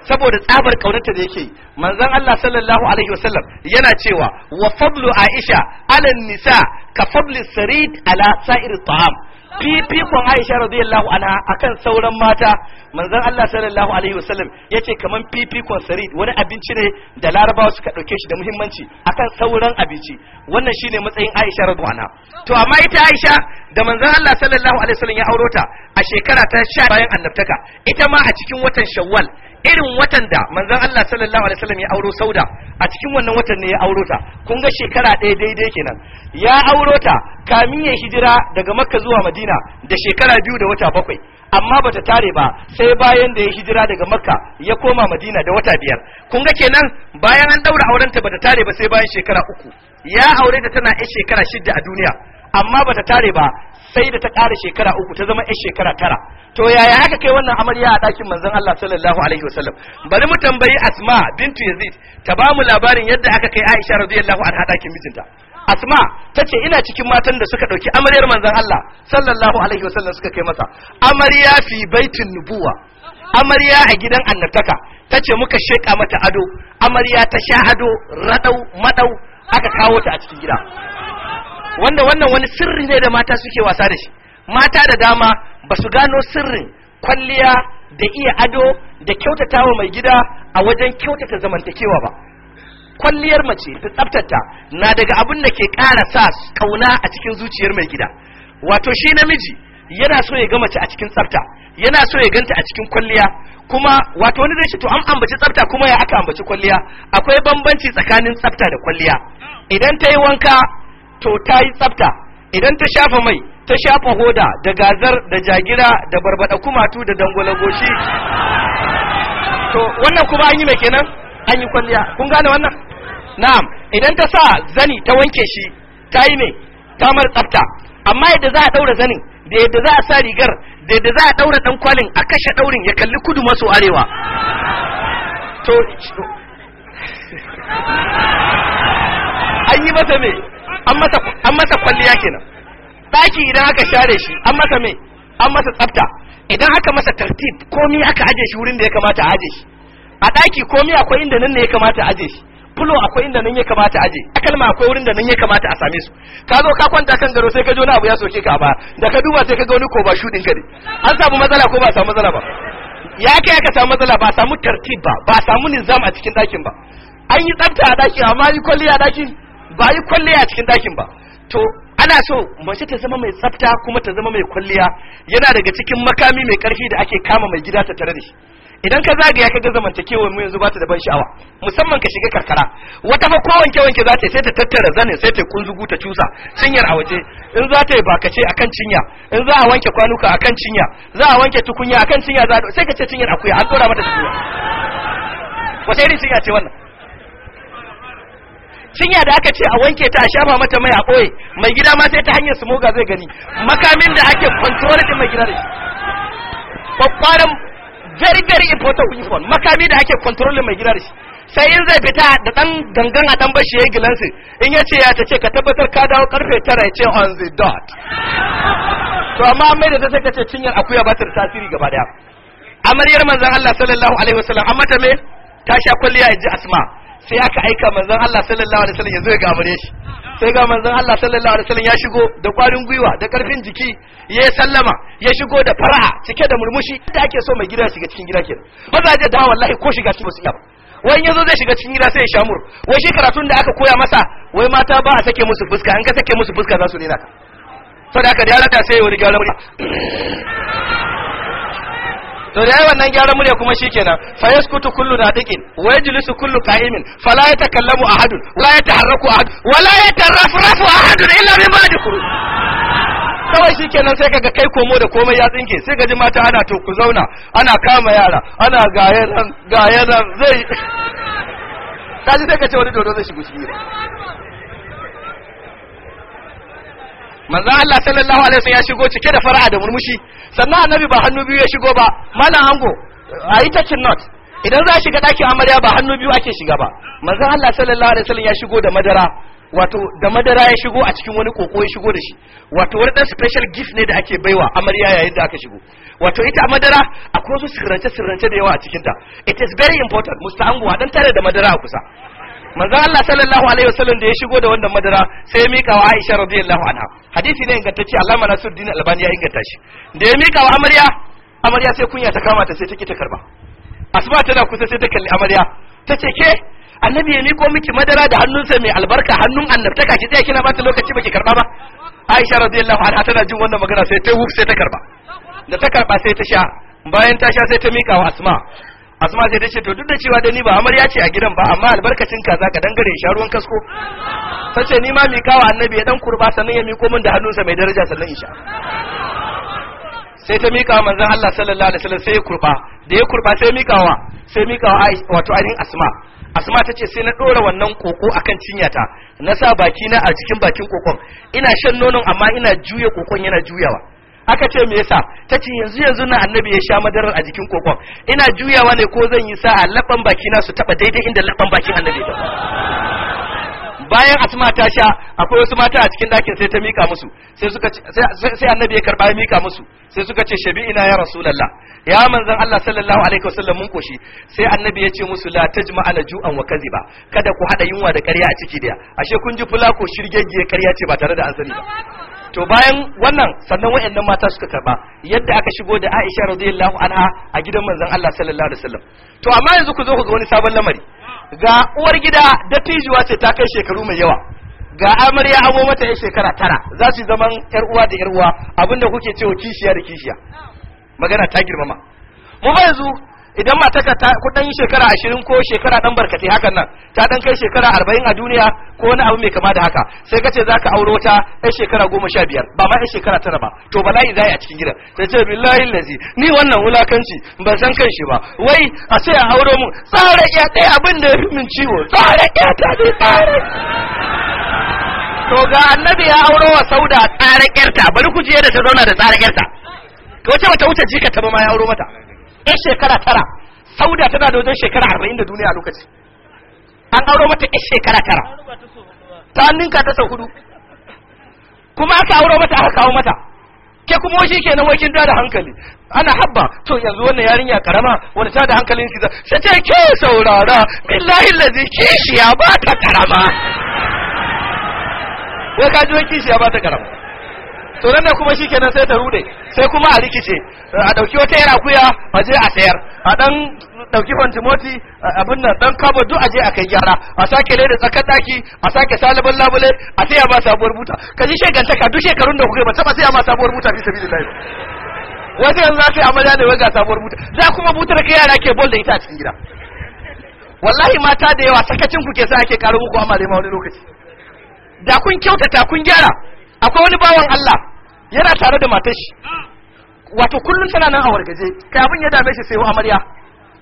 saboda tsabar kaunarta da yake manzon Allah sallallahu alaihi wasallam yana cewa wa fadlu aisha ala nisa ka fadli sarid ala sa'ir ta'am fifikon Aisha radiyallahu anha akan sauran mata manzon Allah sallallahu alaihi wasallam yace kaman fifikon sarid wani abinci ne da larabawa suka dauke shi da muhimmanci akan sauran abinci wannan shine matsayin Aisha radiyallahu anha to amma ita Aisha da manzon Allah sallallahu alaihi wasallam ya aurota a shekara ta 10 bayan annabtaka ita ma a cikin watan Shawwal irin watan da manzon Allah sallallahu alaihi wasallam ya auro Sauda a cikin wannan watan ne ya auro ta kun ga shekara ɗaya daidai kenan ya auro ta kamin ya hijira daga Makka zuwa Madina da shekara biyu da wata bakwai amma bata tare ba sai bayan da ya hijira daga Makka ya koma Madina da wata biyar kun ga kenan bayan an daura aurenta bata tare ba sai bayan shekara uku ya aure ta tana 'yar shekara shidda a duniya amma bata tare ba sai da ta ƙara shekara uku ta zama 'yar shekara tara to yaya aka kai wannan amarya a ɗakin manzon Allah sallallahu alaihi wasallam bari mu tambayi Asma bintu Yazid ta ba mu labarin yadda aka kai Aisha radiyallahu anha ɗakin mijinta Asma ta ce ina cikin matan da suka ɗauki amaryar manzon Allah sallallahu alaihi wasallam suka kai masa amarya fi baitin nubuwa amarya a gidan annabtaka ta ce muka sheƙa mata ado amarya ta sha ado raɗau maɗau aka kawo ta a cikin gida wanda wannan wani sirri ne da mata suke wasa da shi mata da dama ba su gano sirrin kwalliya da iya ado da kyautatawa mai gida a wajen kyautata zamantakewa ba kwalliyar mace ta tsabtata na daga abin da ke ƙara sa kauna a cikin zuciyar mai gida wato shi namiji yana so ya ga mace a cikin tsabta yana so ya ganta a cikin kwalliya kuma wato wani zai ce to an ambaci tsafta kuma ya aka ambaci kwalliya akwai bambanci tsakanin tsafta da kwalliya idan ta yi wanka to ta yi tsafta idan ta shafa mai ta shafa hoda da gazar da jagira da barbada kumatu da dangwala goshi to wannan kuma an yi mai kenan an yi kwalliya kun gane wannan na'am idan ta sa zani ta wanke shi ta yi mai mar tsafta amma yadda za a daura zanin da yadda za a sa rigar da yadda za a daura dan kwalin a kashe daurin ya kalli kudu maso arewa to an yi masa me an masa kwalliya kenan Daki idan aka share shi an masa mai an masa tsafta idan aka masa tartib komi aka aje shi wurin da ya kamata aje shi a ɗaki komi akwai inda nan ne ya kamata aje shi fulo akwai inda nan ya kamata aje takalma akwai wurin da nan ya kamata a same su ka zo ka kwanta kan garo sai ka ji wani abu ya soke ka ba da ka duba sai ka ga wani ko ba shudin ka ne an samu matsala ko ba samu matsala ba ya kai aka samu matsala ba samu tartib ba ba samu nizam a cikin ɗakin ba an yi tsafta a ɗakin amma yi kwalliya a ɗakin ba yi kwalliya a cikin dakin ba to ana so mace ta zama mai tsafta kuma ta zama mai kwalliya yana daga cikin makami mai karfi da ake kama mai gida ta tare da shi idan ka zagaya ka ga zamantakewar mu yanzu bata da ban sha'awa musamman ka shiga karkara wata ma ko wanke wanke za ta sai ta tattara zanin sai ta kunzugu ta cusa cinyar a waje in za ta yi ba ka ce akan cinya in za a wanke kwanuka akan cinya za a wanke tukunya akan cinya za sai ka ce cinyar akuya an dora mata tukunya wata irin cinya ce wannan cinya da aka ce a wanke ta a shafa mata mai a ɓoye mai gida ma sai ta hanyar su moga zai gani makamin da ake control da mai gida da shi kwakwaran very very important uniform makami da ake control mai gida da shi sai in zai fita da dan gangan a ɗan bashi yi gilansu in ya ce ya ta ce ka tabbatar ka dawo karfe tara ya ce on the dot to amma mai da sai ka ce cinyar akuya ba ta da tasiri gaba daya amaryar manzon Allah sallallahu alaihi wasallam amma ta me ta sha kwalliya ji asma sai aka aika manzon Allah sallallahu alaihi wasallam ya zo ya gabare shi sai ga manzon Allah sallallahu alaihi wasallam ya shigo da kwarin gwiwa da karfin jiki ya sallama ya shigo da fara'a cike da murmushi da ake so mai gida shiga cikin gida kenan mazaje da wallahi ko shiga cikin musiya wai ba wani yazo zai shiga cikin gida sai ya shamur wai shi karatun da aka koya masa wai mata ba a sake musu fuska an ka sake musu fuska za su nena ka saboda haka da ya rata sai ya wani gyara to da yayi wannan gyaran murya kuma shikenan fa yaskutu kullu nadiqin wa yajlisu kullu qa'imin fala yatakallamu wa la yataharraku ahad la yatarafrafu ahad illa bi ba'di khuruj kawai shikenan sai kaga kai komo da komai ya tsinke sai gaji mata ana to ku zauna ana kama yara ana gaye nan zai kaji sai ka ce wani dodo zai shigo shi manzo Allah sallallahu alaihi wasallam ya shigo cike da fara'a da murmushi sannan annabi ba hannu biyu ya shigo ba malam a yi touching not idan za shiga ɗakin amarya ba hannu biyu ake shiga ba manzo Allah sallallahu alaihi wasallam ya shigo da madara wato da madara ya shigo a cikin wani koko ya shigo da shi wato wani dan special gift ne da ake baiwa amarya yayin da aka shigo wato ita madara akwai su sirrance sirrance da yawa a cikin ta it is very important musta a dan tare da madara a kusa manzo Allah sallallahu alaihi wasallam da ya shigo da wannan madara sai ya mika wa Aisha radiyallahu anha hadisi ne Allah mana suddin Albani ya inganta shi da ya mika wa amarya amarya sai kunya ta kama ta sai take ta karba asma tana kusa sai ta kalli amarya ta ce ke annabi ya miko miki madara da hannunsa mai albarka hannun annabtaka ki tsaya kina bata lokaci baki karba ba Aisha radiyallahu anha tana jin wannan magana sai ta wuce sai ta karba da ta karba sai ta sha bayan ta sha sai ta mika wa Asma asma sai dace to duk da cewa da ni ba amarya ce a gidan ba amma albarkacin kaza ka dangare shi ruwan kasko ta ce ni ma mi kawo annabi ya dan kurba sannan ya miko min da hannunsa mai daraja sannan in sha sai ta mika wa manzon Allah sallallahu alaihi wasallam sai ya kurba da ya kurba sai mikawa sai mikawa wato ainihin asma asma ta ce sai na dora wannan koko akan cinyata na sa baki na a cikin bakin kokon ina shan nonon amma ina juya kokon yana juyawa aka ce me yasa ta ce yanzu yanzu na annabi ya sha madarar a jikin kokon ina juyawa ne ko zan yi sa'a laban baki na su taba daidai inda laban bakin annabi ta bayan asma ta sha akwai wasu mata a cikin ɗakin sai ta mika musu sai suka sai annabi ya karba ya mika musu sai suka ce shabi'ina ya rasulullah ya manzon Allah sallallahu alaihi wasallam mun koshi sai annabi ya ce musu la tajma ala ju'an wa kaziba kada ku hada yunwa da ƙarya a ciki daya ashe kun ji fulako shirgegge ƙarya ce ba tare da an sani ba to bayan wannan sannan wayannan mata suka karba yadda aka shigo da Aisha radiyallahu anha a gidan manzon Allah sallallahu alaihi wasallam to amma yanzu ku zo ku ga wani sabon lamari ga uwar gida dattijuwa ce ta kai shekaru mai yawa ga amarya amo mata ya shekara tara za su zaman yar uwa da yar uwa abinda kuke cewa kishiya da kishiya magana ta girmama mu ba yanzu idan matarka ta kudan shekara ashirin ko shekara dan barkati hakan nan ta dan kai shekara arba'in a duniya ko wani abu mai kama da haka sai ka ce zaka auro ta yan shekara goma sha biyar ba ma yan shekara tara ba to bala'i zai a cikin gidan sai ce billahi lazi ni wannan wulakanci ban san kan shi ba wai a sai a auro mu tsara ya ɗaya abin da ya fi min ciwo tsara ya ta ni tsara to ga annabi ya auro wa sauda tsara ƙyarta bari ku je da ta zauna da tsara ƙyarta ko wace wata wuce jika ta ba ma ya auro mata yan shekara tara sauda tana da wajen shekara arba'in da duniya a lokaci an auro mata yan shekara tara ta ninka ta sau hudu kuma aka auro mata aka kawo mata ke kuma wai ke nan kin da hankali ana habba to yanzu wannan yarinya karama wani ta da hankalin shi sai ce ke saurara billahi lazi kishiya ba karama wai ka wai kishiya ba ta karama to nan da kuma shikenan sai ta rude sai kuma a rikice a dauki wata yara akuya a je a sayar a dan dauki timoti abin nan dan kabo duk a je a kai gyara a sake da tsakar daki a sake salibin labule a sai a ba sabuwar buta ka ji shegantaka duk shekarun da kuka ba taba sai a ba sabuwar buta fi sabilillah wasu yanzu za ka yi amarya ne wai ga sabuwar buta za kuma butar ka yara ke bol da ita a cikin gida wallahi mata da yawa sakacin ku ke sa ake karo muku amma ma wani lokaci da kun kyautata kun gyara akwai wani bawan Allah yana tare da matar shi wato kullum tana nan a wargaje kai abin ya dame shi sai wa amarya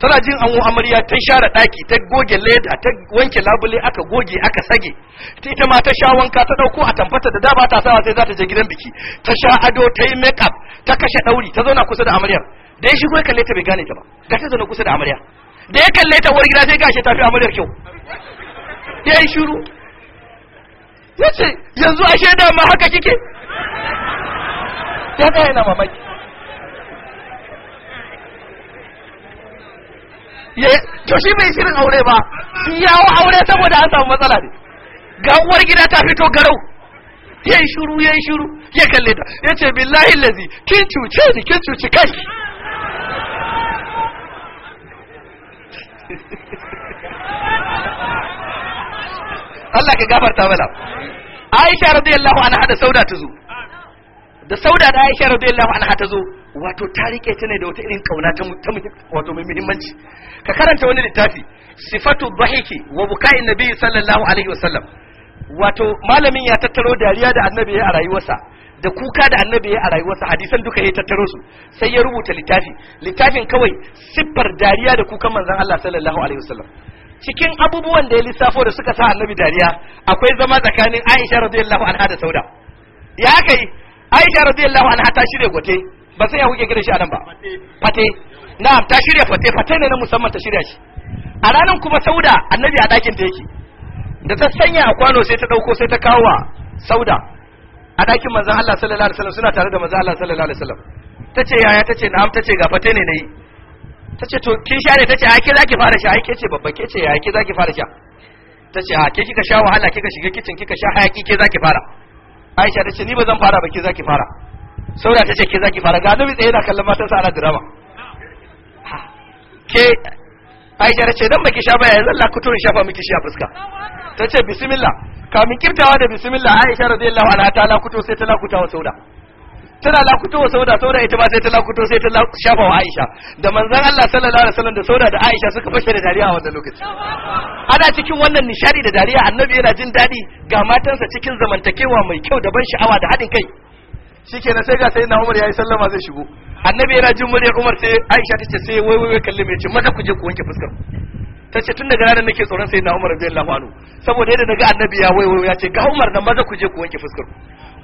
tana jin an wa amarya ta share daki ta goge leda ta wanke labule aka goge aka sage ta ita ma ta sha wanka ta dauko a tambata da daba ta sawa sai za ta je gidan biki ta sha ado ta yi make up ta kashe dauri ta zauna kusa da amaryar da ya shigo ya kalle ta bai gane ta ba ta ta zauna kusa da amarya da ya kalle ta uwar gida sai gashi ta fi amaryar kyau ya yi shiru yace yanzu ashe da ma haka kike ya tsaya yana mamaki to shi bai shirin aure ba yawo aure saboda an samu matsala ne ga uwar gida ta fito garau ya yi shuru ya yi shuru ya kalle ta yace billahi lazi kin cuce ni kin cuci kai Allah ka gafarta mana Aisha radiyallahu anha da sauda ta zo da sauda da aisha radiyallahu anha ta zo wato ta rike ta ne da wata irin kauna ta wato mai muhimmanci ka karanta wani littafi sifatu dhahiki wa bukai nabi sallallahu alaihi wasallam wato malamin ya tattaro dariya da annabi ya a rayuwarsa da kuka da annabi ya a rayuwarsa hadisan duka ya tattaro su sai ya rubuta littafi littafin kawai siffar dariya da kukan manzon Allah sallallahu alaihi wasallam cikin abubuwan da ya lissafo da suka sa annabi dariya akwai zama tsakanin Aisha radiyallahu anha da Sauda ya kai aisha radiyallahu anha ta shirya gote ba sai ya huke gidan shi nan ba fate na'am ta shirya fate fate ne na musamman ta shirya shi a ranar kuma sauda annabi a dakin ta yake da ta sanya a kwano sai ta dauko sai ta kawo wa sauda a dakin manzon Allah sallallahu alaihi wasallam suna tare da manzon Allah sallallahu alaihi wasallam tace yaya tace na'am tace ga fate ne nayi tace to kin sha ne tace a ke zaki fara sha ke ce babba ke ce yaya ke zaki fara sha tace a ke kika sha wahala kika shiga kitchen kika sha hayaki ke zaki fara aisha ta ce ni ba zan fara ba ke zaki fara saura ta ce ke zaki fara ga nabi tsaye na kallon sa ana drama ke aisha ta ce dan baki sha baya zalla Allah shafa miki shi a fuska ta ce bismillah kamin kirtawa da bismillah aisha radiyallahu anha ta lakuto sai ta lakuta wa saura tana lakuto sauda sauda ita ba sai ta lakuto sai ta shafa wa Aisha da manzon Allah sallallahu alaihi wasallam da sauda da Aisha suka fashe da dariya a wannan lokaci ana cikin wannan nishadi da dariya annabi yana jin dadi ga matansa cikin zamantakewa mai kyau da ban sha'awa da haɗin kai shikenan sai ga sai na Umar yayi sallama zai shigo annabi yana jin muryar Umar sai Aisha tace sai wai wai kalle mai ce maza ku je ku wanke fuskar ta ce tun daga ranar nake tsoron sai na umar bin lafanu saboda yadda daga annabi ya waiwayo ya ce ga umar nan maza ku je ku wanke fuskar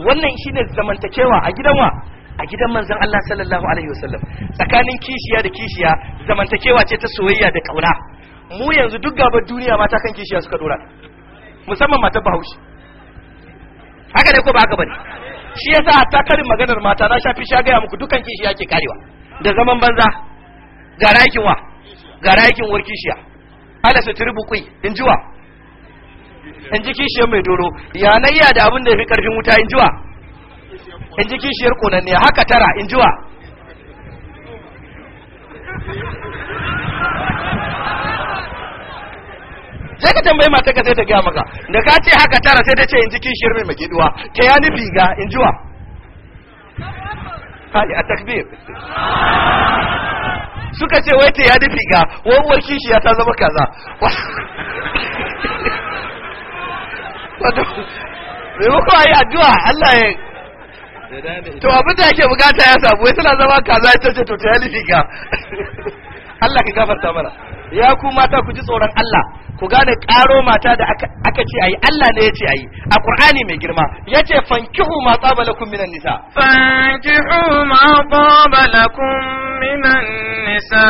wannan shine zamantakewa a gidan wa a gidan manzon Allah sallallahu alaihi wasallam tsakanin kishiya da kishiya zamantakewa ce ta soyayya da kauna mu yanzu duk gaba duniya mata kan kishiya suka dora musamman mata bahaushe haka ne ko ba haka bane shi yasa a takarin maganar mata na shafi sha gaya muku dukan kishiya ke karewa da zaman banza ga rayakin wa ga rayakin war kishiya ala sutur bukui in jiwa in ji kishiyar mai doro yanayya da abin da ya fi karfin wuta in jiwa in ji kishiyar konanne haka tara in jiwa sai ka tambayi mata ka sai ta gaya maka da ka ce haka tara sai ta ce in ji kishiyar mai magiduwa ta ya nufi ga in jiwa kali a takbir suka ce wai ta ya dafi ka wawar ya ta zama kaza maimakon a yi addu'a Allah ya to abin da ake bukata ya samu wai suna zama kaza ya ce to ta ya nufi ga Allah ka gafarta mana ya ku mata ku ji tsoron Allah ku gane karo mata da aka ce ayi Allah ne ya ce ayi a Qur'ani mai girma yace fankihu ma tsaba lakum minan nisa fankihu ma tsaba lakum minan nisa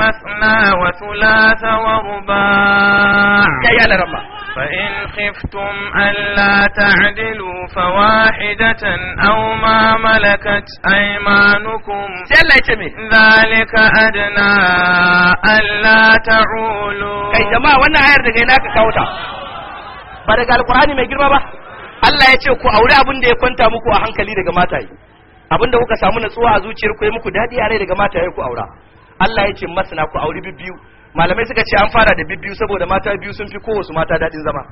masna wa thulatha wa ruba kai ya ramma. فإن خفتم ألا تعدلوا فواحدة أو ما ملكت أيمانكم ذلك أدنى ألا تعولوا كي جماعة وانا عير دقيناك كوتا بعد قال القرآن ما يجرم با Allah ya ce ku aure abin da ya kwanta muku a hankali daga mataye abin da kuka samu natsuwa a zuciyar ku ya muku dadi a rai daga mataye ku aura Allah ya ce masana ku aure biyu malamai suka ce an fara da bibbiyu saboda mata biyu sun fi kowasu mata daɗin zama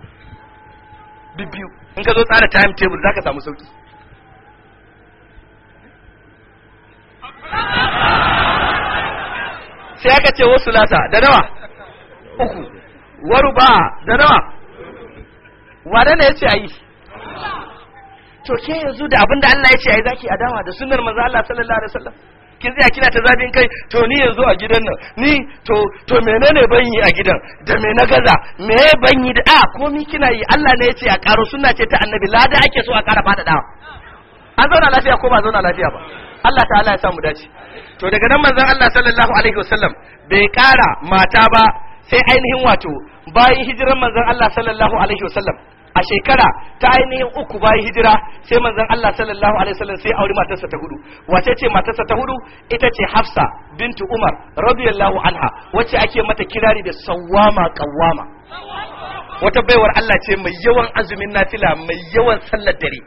bibbiyu in ka zo tsara time table za ka samu sauki sai aka ce wasu lasa da nawa uku waru ba, da nawa wane ne ya ce a yi to ke yanzu da abinda Allah ya ce a yi zaki a dama da sunar maza Allah sallallahu alaihi wasallam kin zai kina ta zabin kai to ni yanzu a gidan nan ni to to menene ban yi a gidan da me na gaza me ban yi da a ko komi kina yi Allah ne yace a karo sunna ce ta annabi lada ake so a kara fada da an zauna lafiya ko ba zauna lafiya ba Allah ta'ala ya sa mu dace to daga nan manzon Allah sallallahu alaihi wasallam bai kara mata ba sai ainihin wato bayan hijiran manzon Allah sallallahu alaihi wasallam a shekara ta ainihin uku bayan hijira sai manzon Allah sallallahu alaihi wasallam sai auri matarsa ta hudu wace ce matarsa ta hudu ita ce Hafsa bintu Umar radiyallahu anha wacce ake mata kirari da sawwama qawwama wata baiwar Allah ce mai yawan azumin nafila mai yawan sallar dare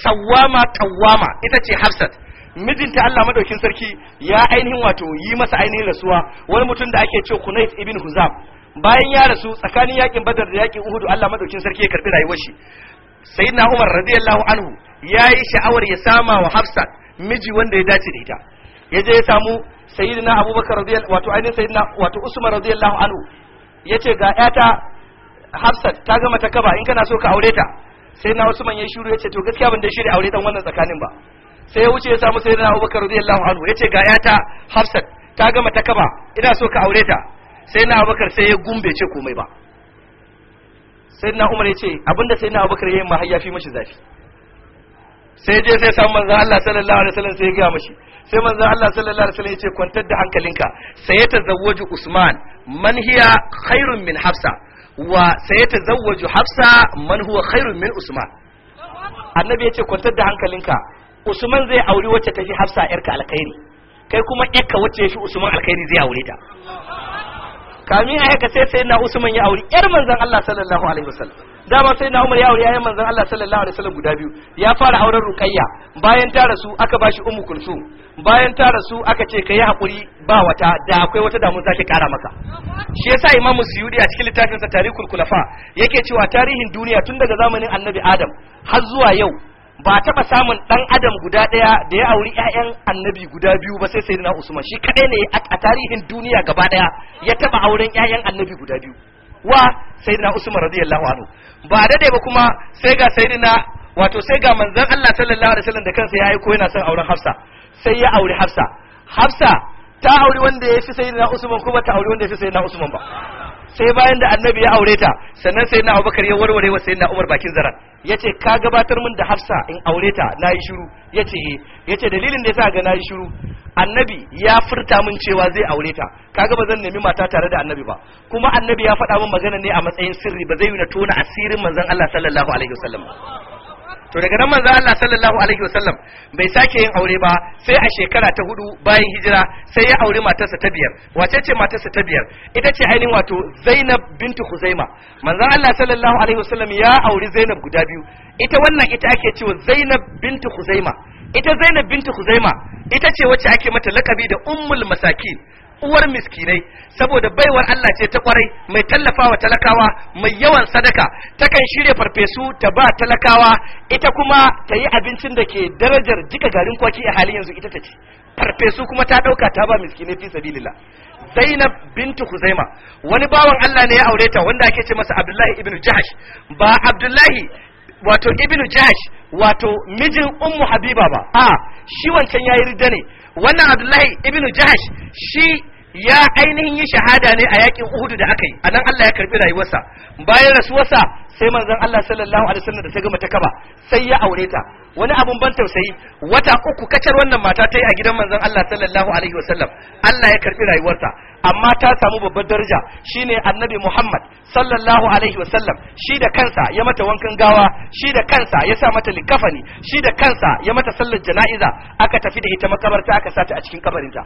sawwama qawwama ita ce Hafsat mijinta Allah madaukin sarki ya ainihin wato yi masa ainihin rasuwa wani mutum da ake ce Kunayt ibn Huzam bayan ya rasu tsakanin yakin badar da yakin uhudu Allah madaukin sarki ya karbi rayuwar shi sayyidina Umar radiyallahu anhu yayi sha'awar ya sama wa Hafsa miji wanda ya dace da ita Ya je ya samu sayyidina Abubakar radiyallahu wato ainihin sayyidina wato Usman radiyallahu anhu yace ga yata Hafsa ta gama ta kaba in kana so ka aure ta sayyidina Usman ya shiru yace to gaskiya ban da shiri aure dan wannan tsakanin ba sai ya wuce ya samu sayyidina Abubakar radiyallahu anhu yace ga yata Hafsa ta gama ta kaba ina so ka aure ta sai na abubakar sai ya gumbe ce komai ba sai na umar ya ce abinda sai na abubakar ya yi ma hayafi mashi zafi sai je sai samu manzan Allah sallallahu alaihi wasallam sai ya gaya mashi sai manzan Allah sallallahu alaihi wasallam ya ce kwantar da hankalinka sai ya tazawwaju Usman man hiya khairun min Hafsa wa sai ya tazawwaju Hafsa man huwa khairun min Usman annabi ya ce kwantar da hankalinka Usman zai auri wacce tafi Hafsa yarka alkhairi kai kuma yarka wacce ya fi Usman alkhairi zai aure ta kamin a haka sai sai na Usman ya auri yar manzon Allah sallallahu alaihi wasallam dama na Umar ya aure yayin manzon Allah sallallahu alaihi wasallam guda biyu ya fara auren Ruqayya bayan ta rasu aka bashi Ummu Kulsum bayan ta rasu aka ce kai hakuri ba wata da akwai wata damu zaki kara maka shi yasa Imam Suyudi a cikin littafin sa Tarikhul kulafa yake cewa tarihin duniya tun daga zamanin Annabi Adam har zuwa yau ba taɓa samun ɗan adam guda ɗaya da ya auri ƴaƴan annabi guda biyu ba sai sayyidina usman shi kadai ne a tarihin duniya gaba daya ya taɓa auren ƴaƴan annabi guda biyu wa sayyidina usman radiyallahu anhu ba da dai ba kuma sai ga sayyidina wato sai ga manzon Allah sallallahu alaihi wasallam da kansa ya ko yana son auren Hafsa sai ya auri Hafsa Hafsa ta auri wanda ya fi sayyidina Usman kuma ta auri wanda ya fi sayyidina Usman ba sai bayan da annabi ya aure ta sannan sai na abubakar ya warware wa sai na umar bakin zarar ya ce ka gabatar min da hafsa in aure ta na yi shuru ya ce eh. ya ce dalilin da ya sa ga na yi shuru annabi ya furta min cewa zai aure ta kaga ba zan nemi mata tare da annabi ba kuma annabi ya faɗa min magana ne a matsayin sirri ba zai yi na tona asirin manzon Allah sallallahu alaihi wasallam to daga nan manzo Allah sallallahu alaihi wasallam bai sake yin aure ba sai a shekara ta hudu bayan hijira sai ya aure matarsa ta biyar wace ce matarsa ta biyar ita ce ainihin wato Zainab bintu Khuzaima manzo Allah sallallahu alaihi wasallam ya auri Zainab guda biyu ita wannan ita ake cewa Zainab bintu Khuzaima ita Zainab bintu Khuzaima ita ce wacce ake mata lakabi da ummul masakin uwar miskinai saboda baiwar Allah ce ta kwarai mai tallafawa talakawa mai yawan sadaka takan shirya farfesu ta ba talakawa ita kuma ta yi abincin da ke darajar jika garin kwaki a halin yanzu ita ta ce farfesu kuma ta dauka ta ba miskinai fi sabilillah Zainab bintu Huzaima wani bawan Allah ne ya aure ta wanda ake ce masa Abdullahi ibn Jahash ba Abdullahi wato ibnu jash wato mijin ummu habiba ba a shi wancan yayi ridda ne wannan abdullahi ibnu jash shi ya ainihin yi shahada ne a yakin uhudu da aka yi anan Allah ya karbi rayuwarsa bayan rasuwarsa sai manzon Allah sallallahu alaihi wasallam da ta gama ta kaba sai ya aure ta wani abun ban tausayi wata uku kacar wannan mata ta yi a gidan manzon Allah sallallahu alaihi wasallam Allah ya karbi rayuwarta amma ta samu babbar daraja shine annabi Muhammad sallallahu alaihi wasallam shi da kansa ya mata wankan gawa shi da kansa ya sa mata likafani shi da kansa ya mata sallar jana'iza aka tafi da ita makabarta aka sata a cikin kabarinta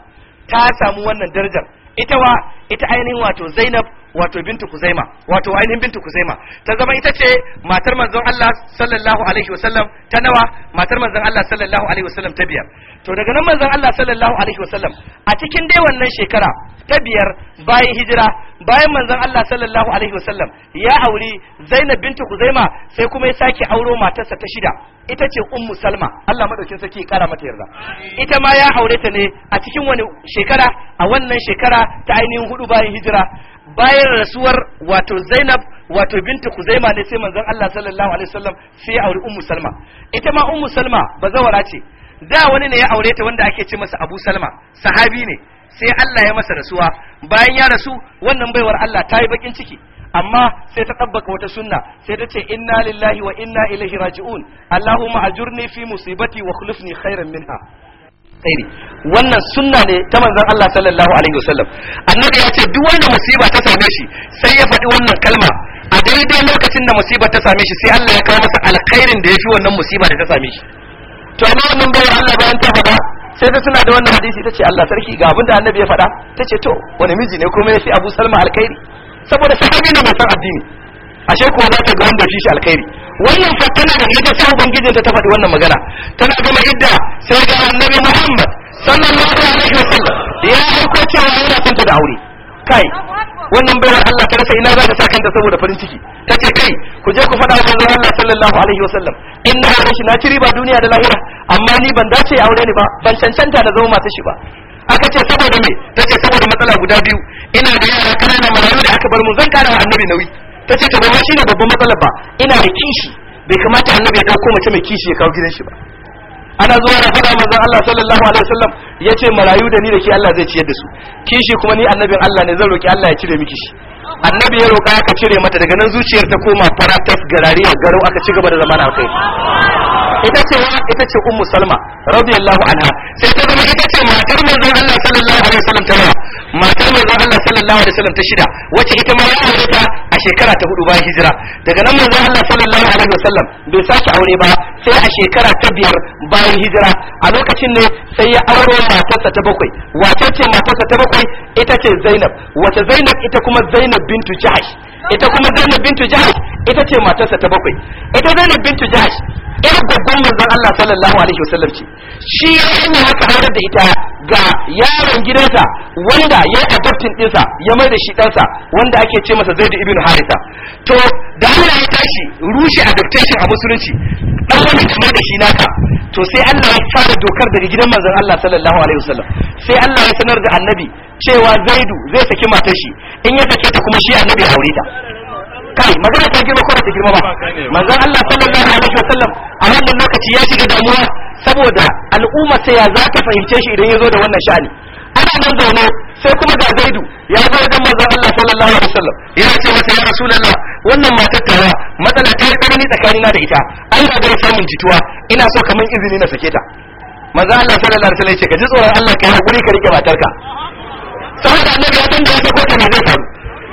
ta samu wannan darajar ita wa ita ainihin wato Zainab wato bintu Kuzaima wato ainihin bintu Kuzaima ta zama ita ce matar manzon Allah sallallahu alaihi wasallam ta nawa matar manzon Allah sallallahu alaihi wasallam ta biyar to daga nan manzon Allah sallallahu alaihi wasallam a cikin dai wannan shekara ta biyar bayan hijira bayan manzon Allah sallallahu alaihi wasallam ya auri Zainab bintu Kuzaima sai kuma ya sake auro matarsa ta shida ita ce ummu salma Allah madaukin sarki ya kara mata yarda ita ma ya aure ta ne a cikin wani shekara a wannan shekara ta ainihin hudu bayan hijira bayan rasuwar wato Zainab wato binta Kuzaima ne sai manzon Allah sallallahu alaihi wasallam sai ya aure ummu salma ita ma ummu salma bazawara ce da wani ne ya aure ta wanda ake ce masa Abu Salma sahabi ne sai Allah ya masa rasuwa bayan ya rasu wannan baiwar Allah ta yi bakin ciki amma sai ta tabbaka wata sunna sai ta ce inna lillahi wa inna ilaihi raji'un allahumma ajurni fi musibati wa khulifni khairan minha khairi wannan sunna ne ta manzon Allah sallallahu alaihi wasallam annabi ya ce duk wanda musiba ta same shi sai ya faɗi wannan kalma a daidai lokacin da musiba ta same shi sai Allah ya kawo masa alkhairin da ya fi wannan musiba da ta same shi to amma wannan bayan Allah bayan ta faɗa sai ta tuna da wannan hadisi ta ce Allah sarki ga abin da annabi ya faɗa ta ce to wani miji ne kuma ya fi Abu Salma alkhairi saboda sahabi na matar addini ashe kuwa za ta ga wanda shi shi alkhairi wannan fatana da da yadda sai ubangijin ta faɗi wannan magana tana gama idda sai ga annabi Muhammad sallallahu alaihi wasallam ya aiko cewa yana son ta da aure kai wannan bayar Allah ta rasa ina za ta sa kanta saboda farin ciki ce kai ku je ku faɗa wa manzon Allah sallallahu alaihi wasallam inna shi na ci riba duniya da lahira amma ni ban dace aure ne ba ban cancanta da zama masu shi ba aka ce saboda me tace saboda matsala guda biyu ina da yara kanana marayu da aka bar mu zan kare wa annabi nauyi ta ce ta zama shine babban matsalar ba ina da kishi bai kamata annabi ya dauko mace mai kishi ya kawo gidan shi ba ana zuwa da fada manzon Allah sallallahu alaihi wasallam yace marayu da ni da ke Allah zai ciyar da su kishi kuma ni annabin Allah ne zan roki Allah ya cire miki shi annabi ya roka aka cire mata daga nan zuciyar ta koma faratas garariya garau aka ci gaba da zaman alkai ita ce wa ita ce ummu salma radiyallahu anha sai ta zama ita ce matar manzon Allah sallallahu alaihi wasallam ta ma sallallahu alaihi wasallam ta shida wacce ita ma ya a shekara ta hudu bayan hijira daga nan manzon Allah sallallahu alaihi wasallam bai sake aure ba sai a shekara ta biyar bayan hijira a lokacin ne sai ya aure matarsa ta bakwai wace ce matarsa ta bakwai ita ce Zainab wace Zainab ita kuma Zainab bintu ita kuma Zainab bintu ita ce matarsa ta bakwai ita Zainab bintu Jahash ita babban manzon Allah sallallahu alaihi wasallam ce shi ya yi haka da ita ga yaron gidansa wanda ya yi adaptin ɗinsa ya mai da shi ɗansa wanda ake ce masa zai da ibn harisa to da hana ya tashi rushe adaptation a musulunci ɗan wani kamar da shi naka to sai Allah ya fara dokar daga gidan manzon Allah sallallahu alaihi wasallam sai Allah ya sanar da annabi cewa zaidu zai saki matar in ya sake ta kuma shi annabi ya aure ta kai magana ta girma ko ta girma ba manzon Allah sallallahu alaihi wasallam a wannan lokaci ya shiga damuwa saboda al'umma sai ya za ka fahimce shi idan ya zo da wannan sha'ani ana nan zaune sai kuma ga zaidu ya zo wajen maza Allah sallallahu alaihi wasallam ya ce masa ya rasulullah wannan matar tawa matsala ta yi tsanani tsakanina da ita an ga da samun jituwa ina so kamar izini na sake ta Maza Allah sallallahu alaihi wasallam ya ce ka ji tsoron Allah ka hakuri ka rike matarka saboda annabi ya san da ya ta ne zai faru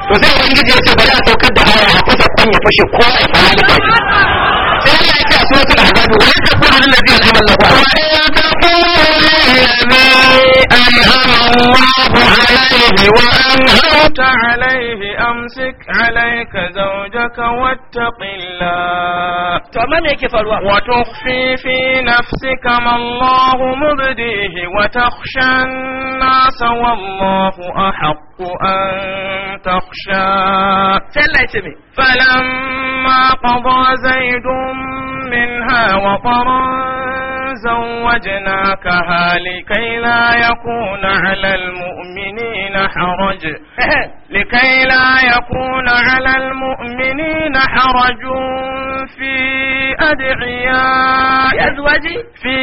to sai ubangiji ya ce bari a saukar da haya a fasa ya fashe ko a fara da shi لے بندر أنعم الله عليه وأنعمت عليه أمسك عليك زوجك واتق الله تمام وتخفي في نفسك ما الله مبديه وتخشى الناس والله أحق أن تخشى فلما قضى زيد منها وطرا زوجناكها لكي لا يكون على المؤمنين حرج لكي لا يكون على المؤمنين حرج في أدعياء أزواج في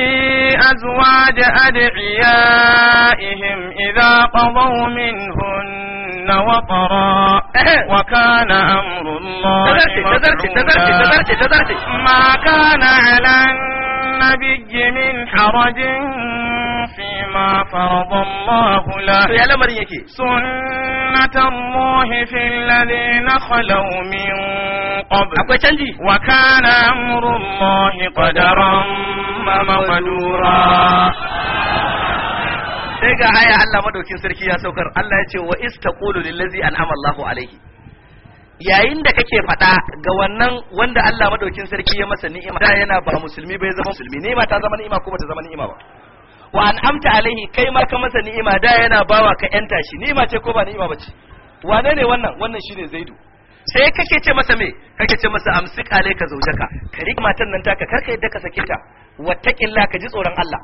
أزواج أدعيائهم إذا قضوا منهن وطرا وكان أمر الله تذرتي تذرتي تذرتي تذرتي ما كان على النبي من حرج فيما فرض الله له يا لمر يكي سنة الله في الذين خلوا من قبل وكان أمر الله قدرا مقدورا sai ga aya Allah madaukin sarki ya saukar Allah ya ce wa istaqulu lillazi an'ama Allahu alaihi yayin da kake faɗa ga wannan wanda Allah madaukin sarki ya masa ni'ima da yana ba musulmi bai zama musulmi ni'ima ta zama ni'ima kuma ta zama ni'ima ba wa amta alaihi kai ma ka masa ni'ima da yana bawa ka yanta shi ni'ima ce ko ba ni'ima bace wane ne wannan wannan shine zaidu sai kake ce masa me kake ce masa amsik alaika zaujaka ka rike matan nan taka karka yadda ka sake ta wattaqillah ka ji tsoron Allah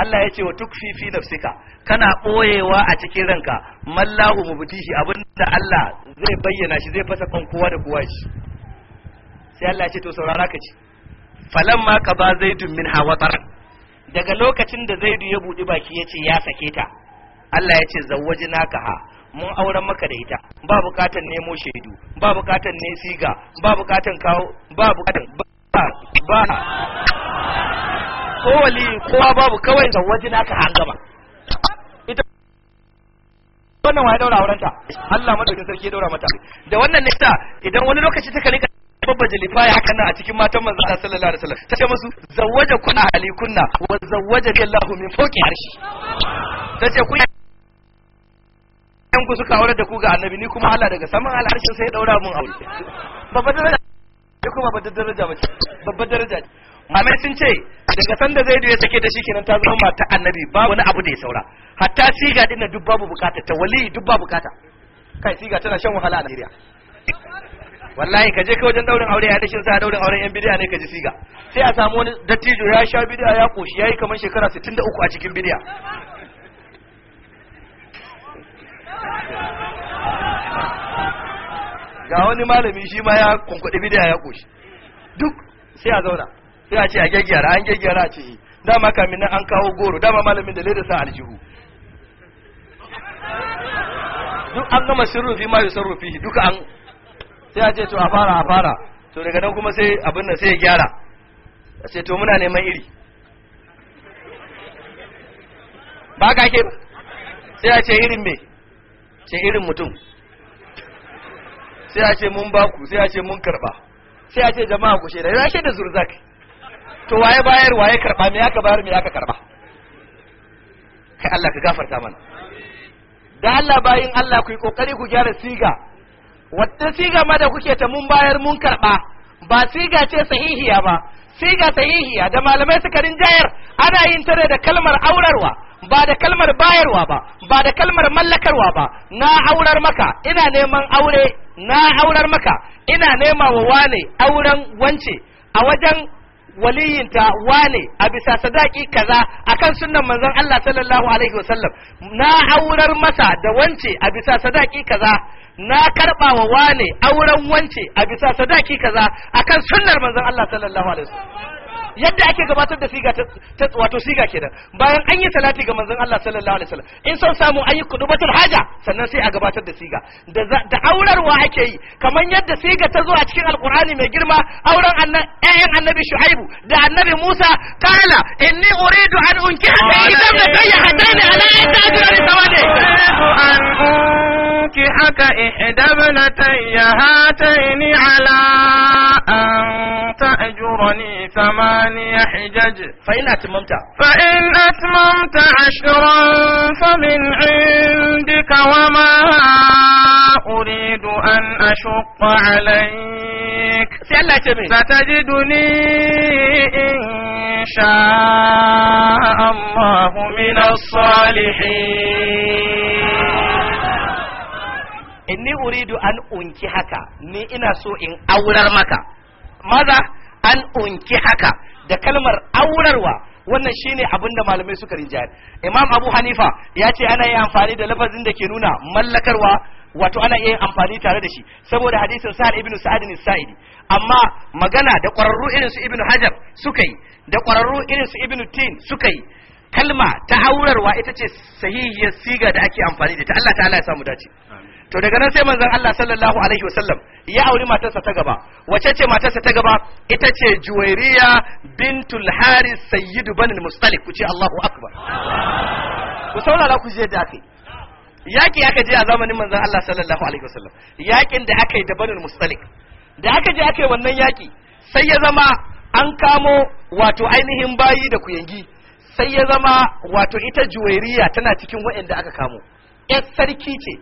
Allah ya ce wa tuk fi nafsika kana ɓoyewa a cikin ranka mallahu mubtihi abinda Allah zai bayyana shi zai fasa kan kowa da kowa shi sai Allah ya ce to saurara ka ci falamma qaba zaidun min hawatar daga lokacin da zaidu ya budi baki ya ce ya sake ta Allah ya ce ka ha mun auren maka da ita ba bukatan nemo shaidu ba bukatan ne siga ba bukatan kawo ba bukatan ba ba ko wali kowa babu kawai da waje naka an gaba ita wannan waye daura aurenta Allah madaukin sarki ya daura mata da wannan ne idan wani lokaci ta kalinka babba ya haka nan a cikin matan manzon Allah sallallahu alaihi wasallam ta ce musu zawwaja kunna alikunna wa zawwaja billahu min fawqi arshi ta ce ku yan ku suka aure da ku ga annabi ni kuma Allah daga saman al'arshin sai ya daura mun aure babbar daraja kuma babbar daraja ce. babba daraja amma sun ce daga sanda zaidu ya sake da shi kenan ta zama mata annabi ba wani abu da ya saura hatta siga dinna duk babu bukata ta wali duk babu bukata kai siga tana shan wahala a Najeriya wallahi ka je ka wajen daurin aure ya dashin sa daurin auren yan bidiya ne ka ji siga sai a samu wani dattijo ya sha bidiya ya koshi yayi kamar shekara 63 a cikin bidiya ga wani malami shi ma ya kunkuɗi bidiya ya koshi duk sai a zauna sai a ce a gyaggyara an gyaggyara a ce dama kamin nan an kawo goro dama malamin da lera sa aljihu duk an gama sirrin fi ma yusarru fi duka an sai a ce to a fara a fara to daga nan kuma sai abin nan sai ya gyara a ce to muna neman iri ba ka ke sai a ce irin me ce irin mutum sai a ce mun baku sai a ce mun karba sai a ce jama'a ku shaida ya shaida zurzak to waye bayar waye karba me aka bayar me aka karba kai Allah ka gafarta mana da Allah bayin Allah ku yi kokari ku gyara siga wata siga ma da kuke ta mun bayar mun karba ba siga ce sahihiya ba siga sahihiya da malamai suka rinjayar ana yin tare da kalmar aurarwa ba da kalmar bayarwa ba ba da kalmar mallakarwa ba na aurar maka ina neman aure na aurar maka ina nema wa wane auren wance a wajen waliyinta wane a bisa sadaki kaza akan sunnan manzon Allah sallallahu alaihi wasallam na aurar masa da wance a bisa sadaki kaza na karba wa wane auren wance a bisa sadaki kaza akan sunnar manzon Allah sallallahu alaihi wasallam yadda ake gabatar da siga ta wato siga kenan bayan an yi salati ga manzon Allah sallallahu alaihi wasallam in son samu an yi kudubatul haja sannan sai a gabatar da siga da aurarwa ake yi kamar yadda siga ta zo a cikin alqur'ani mai girma auren annan ayyan annabi shuaibu da annabi Musa kala inni uridu an unkiha ka idan da kai hadani ala ta'dira sawade an unkihaka ihdabnatayya hataini ala an ta'jurani sama ثماني حجج فإن أتممت فإن أتممت عشرا فمن عندك وما أريد أن أشق عليك ستجدني إن شاء الله من الصالحين إني أريد أن أنكحك haka إنا سوء so مكا ماذا أن أنكحك da kalmar aurarwa wannan shine abin da malamai suka rinjayar imam abu hanifa ya ce ana yin amfani da lafazin da ke nuna mallakarwa wato ana iya yin amfani tare da shi saboda hadisin sa'ad ibn sa'ad ibn sa'id amma magana da kwararru irin su ibn hajar suka yi da kwararru irin su ibn tin suka yi kalma ta aurarwa ita ce sahihiyar siga da ake amfani da ta Allah ta'ala ya samu dace to daga nan sai manzon Allah sallallahu alaihi wasallam ya auri matarsa ta gaba wace ce matarsa ta gaba ita ce Juwairiya bintul haris sayyidu banil mustalik ku Allahu akbar ku saurara ku je da yaki aka je a zamanin manzon Allah sallallahu alaihi wasallam yakin da aka yi da banil mustalik da aka je aka yi wannan yaki sai ya zama an kamo wato ainihin bayi da kuyangi sai ya zama wato ita juwairiya tana cikin wa'anda aka kamo yar sarki ce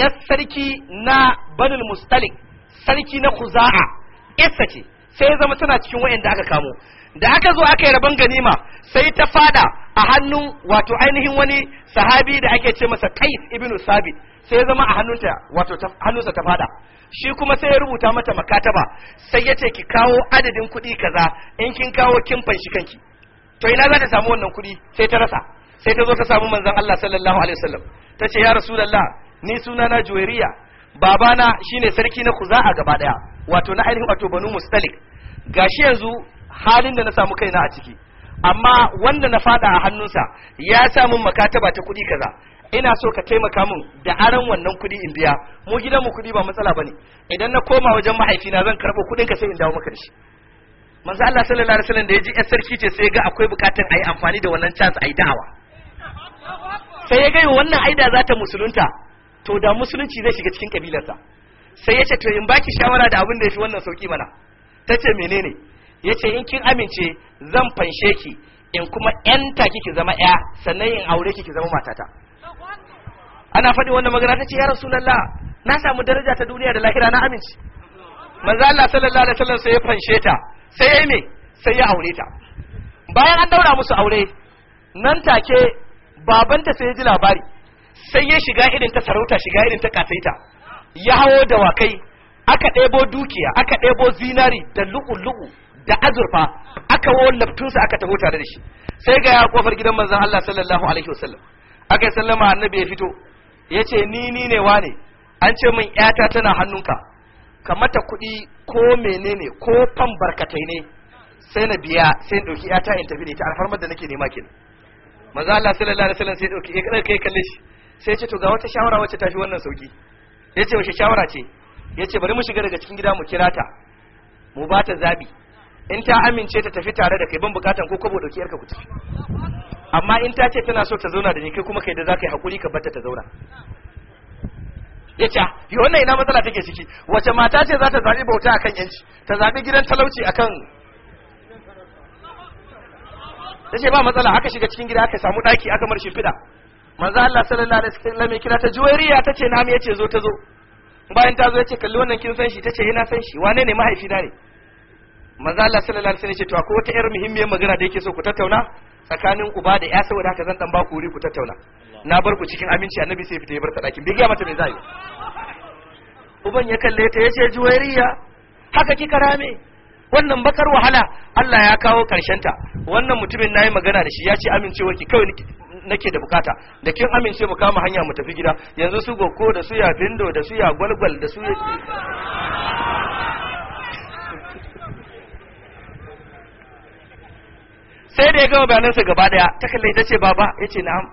yar sarki na banil mustalik sarki na kuza'a isa ce sai ya zama tana cikin wa'anda aka kamo da aka zo aka yi rabon ganima sai ta fada a hannun wato ainihin wani sahabi da ake ce masa Qais ibn Sabit sai ya zama a hannunta wato hannunsa ta fada shi kuma sai ya rubuta mata makataba sai ya ce ki kawo adadin kuɗi kaza in kin kawo kin fanshi kanki to ina za ta samu wannan kuɗi sai ta rasa sai ta zo ta samu manzon Allah sallallahu alaihi wasallam ta ce ya rasulullah ni suna na Juwairiya babana shine sarki na kuza gaba daya wato na ainihin wato Banu Mustalik gashi yanzu halin da na samu kaina a ciki amma wanda na fada a hannunsa ya sa min makataba ta kudi kaza ina so ka taimaka min da aran wannan kudi in biya mu gidan mu kudi ba matsala bane idan na koma wajen mahaifina zan karɓo kuɗin ka sai in dawo maka da shi manzo Allah sallallahu alaihi wasallam da ya ji yar sarki ce sai ga akwai bukatun ayi amfani da wannan chance ayi da'awa sai ya ga wannan aida za ta musulunta to da musulunci zai shiga cikin kabilarsa sai ya ce to in baki shawara da abin da yafi wannan sauki mana tace menene ya ce in kin amince zan fanshe ki in kuma yanta kiki zama ya sannan in aure kiki zama matata ana faɗi wannan magana ta ce ya rasulallah na samu daraja ta duniya da lahira na amince manzo Allah sallallahu alaihi wasallam sai ya fanshe ta sai yi me sai ya aure ta bayan an daura musu aure nan take babanta sai ya ji labari sai ya shiga irin ta sarauta shiga irin ta ta ya hawo dawakai aka ɗebo dukiya aka ɗebo zinari da lu'u-lu'u da azurfa aka wallaftunsa aka taho tare da shi sai ga ya kofar gidan manzon Allah sallallahu alaihi wasallam aka yi sallama annabi ya fito ya ce ni ni ne wane an ce min yata tana hannunka ka mata kuɗi ko menene ko fan barkatai ne sai na biya sai ɗauki yata in tafi da ita alfarmar da nake nema kenan manzo Allah sallallahu alaihi wasallam sai ɗauki ya kai kalle shi sai ya ce to ga wata shawara wacce ta fi wannan sauki yace wace shawara ce yace bari mu shiga daga cikin gida mu kira ta mu ba ta zabi in ta amince ta tafi tare da kai ban bukatan ko kobo dauki yarka ku tafi amma in ta ce tana so ta zauna da ni kai kuma kai da zaka yi hakuri ka batta ta zauna yace yo wannan ina matsala take ciki wace mata ce za ta zabi bauta akan yanci ta zabi gidan talauci akan yace ba matsala aka shiga cikin gida aka samu daki aka marshi fida manzo Allah sallallahu alaihi wasallam ya kira ta juwariya tace na mu yace zo ta zo bayan ta zo yace kalli wannan kin san shi tace ina eh, san shi wane ne mahaifi na ne Maza Allah sallallahu alaihi wasallam ya ce to akwai wata yar muhimmiyar magana da yake so ku tattauna tsakanin uba da ya saboda haka zan dan ba ku wuri ku tattauna na bar ku cikin aminci annabi sai fita ya bar ta dakin bai ga mata me zai uban ya kalle ta yace juwairiya haka kika rame wannan bakar wahala Allah ya kawo karshen ta wannan mutumin nayi magana da shi ya ce amincewar ki kawai nake da bukata da kin amince mu kama hanya mu tafi gida yanzu su gokko da su ya bindo da su ya gwalgwal da su ya sai da ya gama bayanansa gaba daya ta kalle ta ce baba ya ce na'am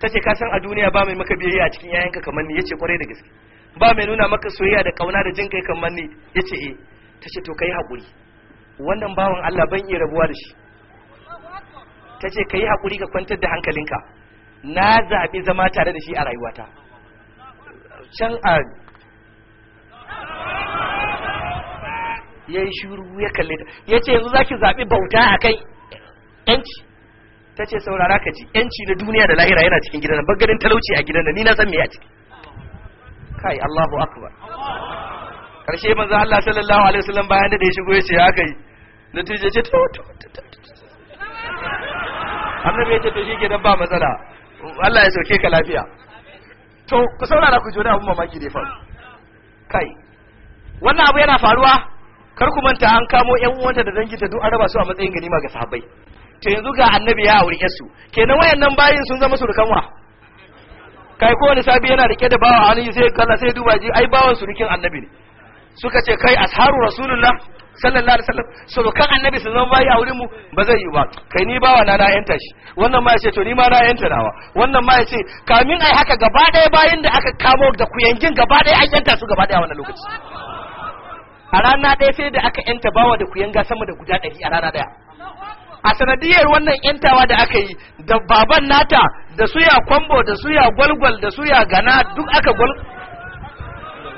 ta ce ka san a duniya ba mai maka biyayya a cikin yayanka kamar ni ya ce kwarai da gaske ba mai nuna maka soyayya da kauna da jin kai kamar ni ya ce eh ta ce to ka yi wannan bawan Allah ban iya rabuwa da shi ta ce ka yi ka kwantar da hankalinka na zaɓi zama tare da shi a rayuwata can a ya yi shuru ya kalle ta ya ce yanzu za ki zaɓi bauta a kai yanci ta ce saurara ka ji yanci na duniya da lahira yana cikin gidan bagarin talauci a gidan da ni na san me a ciki kai Allahu akbar karshe manzo Allah sallallahu alaihi wasallam bayan da ya shigo ya ce haka yi da tije ce to to annabi ya ce to shike dan ba matsala Allah ya sauke ka lafiya to ku saurara ku jona abun mamaki da ya faru kai wannan abu yana faruwa kar ku manta an kamo yan uwanta da danginta duk an raba su a matsayin ganima ga sahabbai to yanzu ga annabi ya aure su kenan wayannan bayin sun zama surukan wa kai ko wani sabi yana rike da bawa hannu sai kalla sai duba ji ai bawan surukin annabi ne suka ce kai asharu rasulullah sallallahu alaihi wasallam surukan annabi sun zama bayi a wurin mu ba zai yi ba kai ni bawa na na yanta shi wannan ma ya ce to ni ma na yanta nawa wannan ma ya ce kamin ai haka gaba ɗaya bayin da aka kamo da kuyangin gaba daya an yanta su gaba daya wannan lokaci a rana ɗaya sai da aka yanta bawa da kuyanga sama da guda ɗari a rana ɗaya a sanadiyar wannan yantawa da aka yi da baban nata da suya kwambo da suya gwalgwal da suya gana duk aka gwal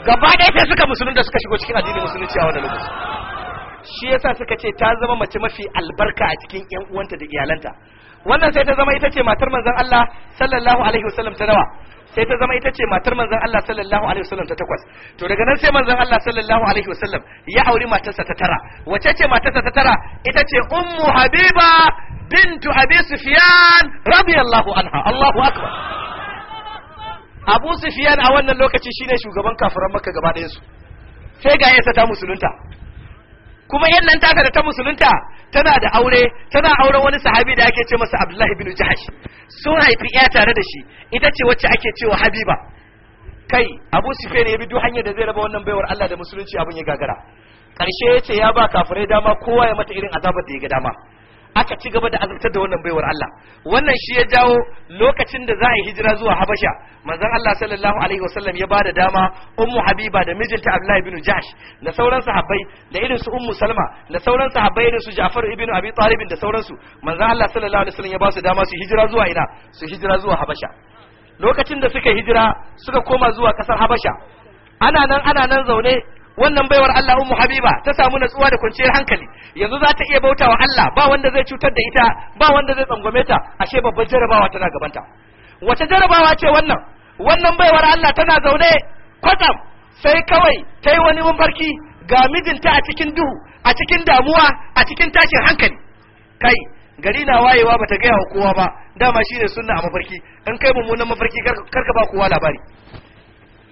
gaba ɗaya sai suka musulun da suka shigo cikin addinin musulunci a wannan lokaci shi yasa suka ce ta zama mace mafi albarka a cikin yan uwanta da iyalanta wannan sai ta zama ita ce matar manzon Allah sallallahu alaihi wasallam ta nawa sai ta zama ita ce matar manzon Allah sallallahu alaihi wasallam ta takwas to daga nan sai manzon Allah sallallahu alaihi wasallam ya auri matarsa ta tara wace ce matarsa ta tara ita ce ummu habiba bintu abi sufyan radiyallahu anha Allahu akbar Abu Sufyan a wannan lokaci shine shugaban kafiran Makka gaba ɗayan su sai ga yasa ta musulunta kuma yan nan taka da ta musulunta tana da aure tana auren wani sahabi da ake ce masa Abdullahi bin Jahash sun haifi ya tare da shi ita ce wacce ake cewa Habiba kai Abu Sufyan ya bi duk hanyar da zai raba wannan baiwar Allah da musulunci abin ya gagara ƙarshe ya ce ya ba kafirai dama kowa ya mata irin azabar da ya ga dama aka ci gaba da azabtar da wannan baiwar Allah wannan shi ya jawo lokacin da za a yi hijira zuwa Habasha manzon Allah sallallahu alaihi wasallam ya bada dama ummu habiba da mijinta Abdullah ibn Jahsh da sauran sahabbai da irin su ummu Salma da sauran sahabbai irin su Ja'far ibn Abi Talib da sauran su manzon Allah sallallahu alaihi wasallam ya ba su dama su hijira zuwa ina su hijira zuwa Habasha lokacin da suka hijira suka koma zuwa kasar Habasha ana nan ana nan zaune wannan baiwar Allah ummu habiba ta samu natsuwa da kwanciyar hankali yanzu za ta iya bautawa Allah ba wanda zai cutar da ita ba wanda zai tsangwame ta ashe babbar jarabawa tana gabanta wace jarabawa ce wannan wannan baiwar Allah tana zaune kwatsam sai kawai ta yi wani mafarki ga mijinta a cikin duhu a cikin damuwa a cikin tashin hankali kai gari na wayewa bata gaya wa kowa ba dama shine sunna a mafarki in kai mummunan mafarki karka ba kowa labari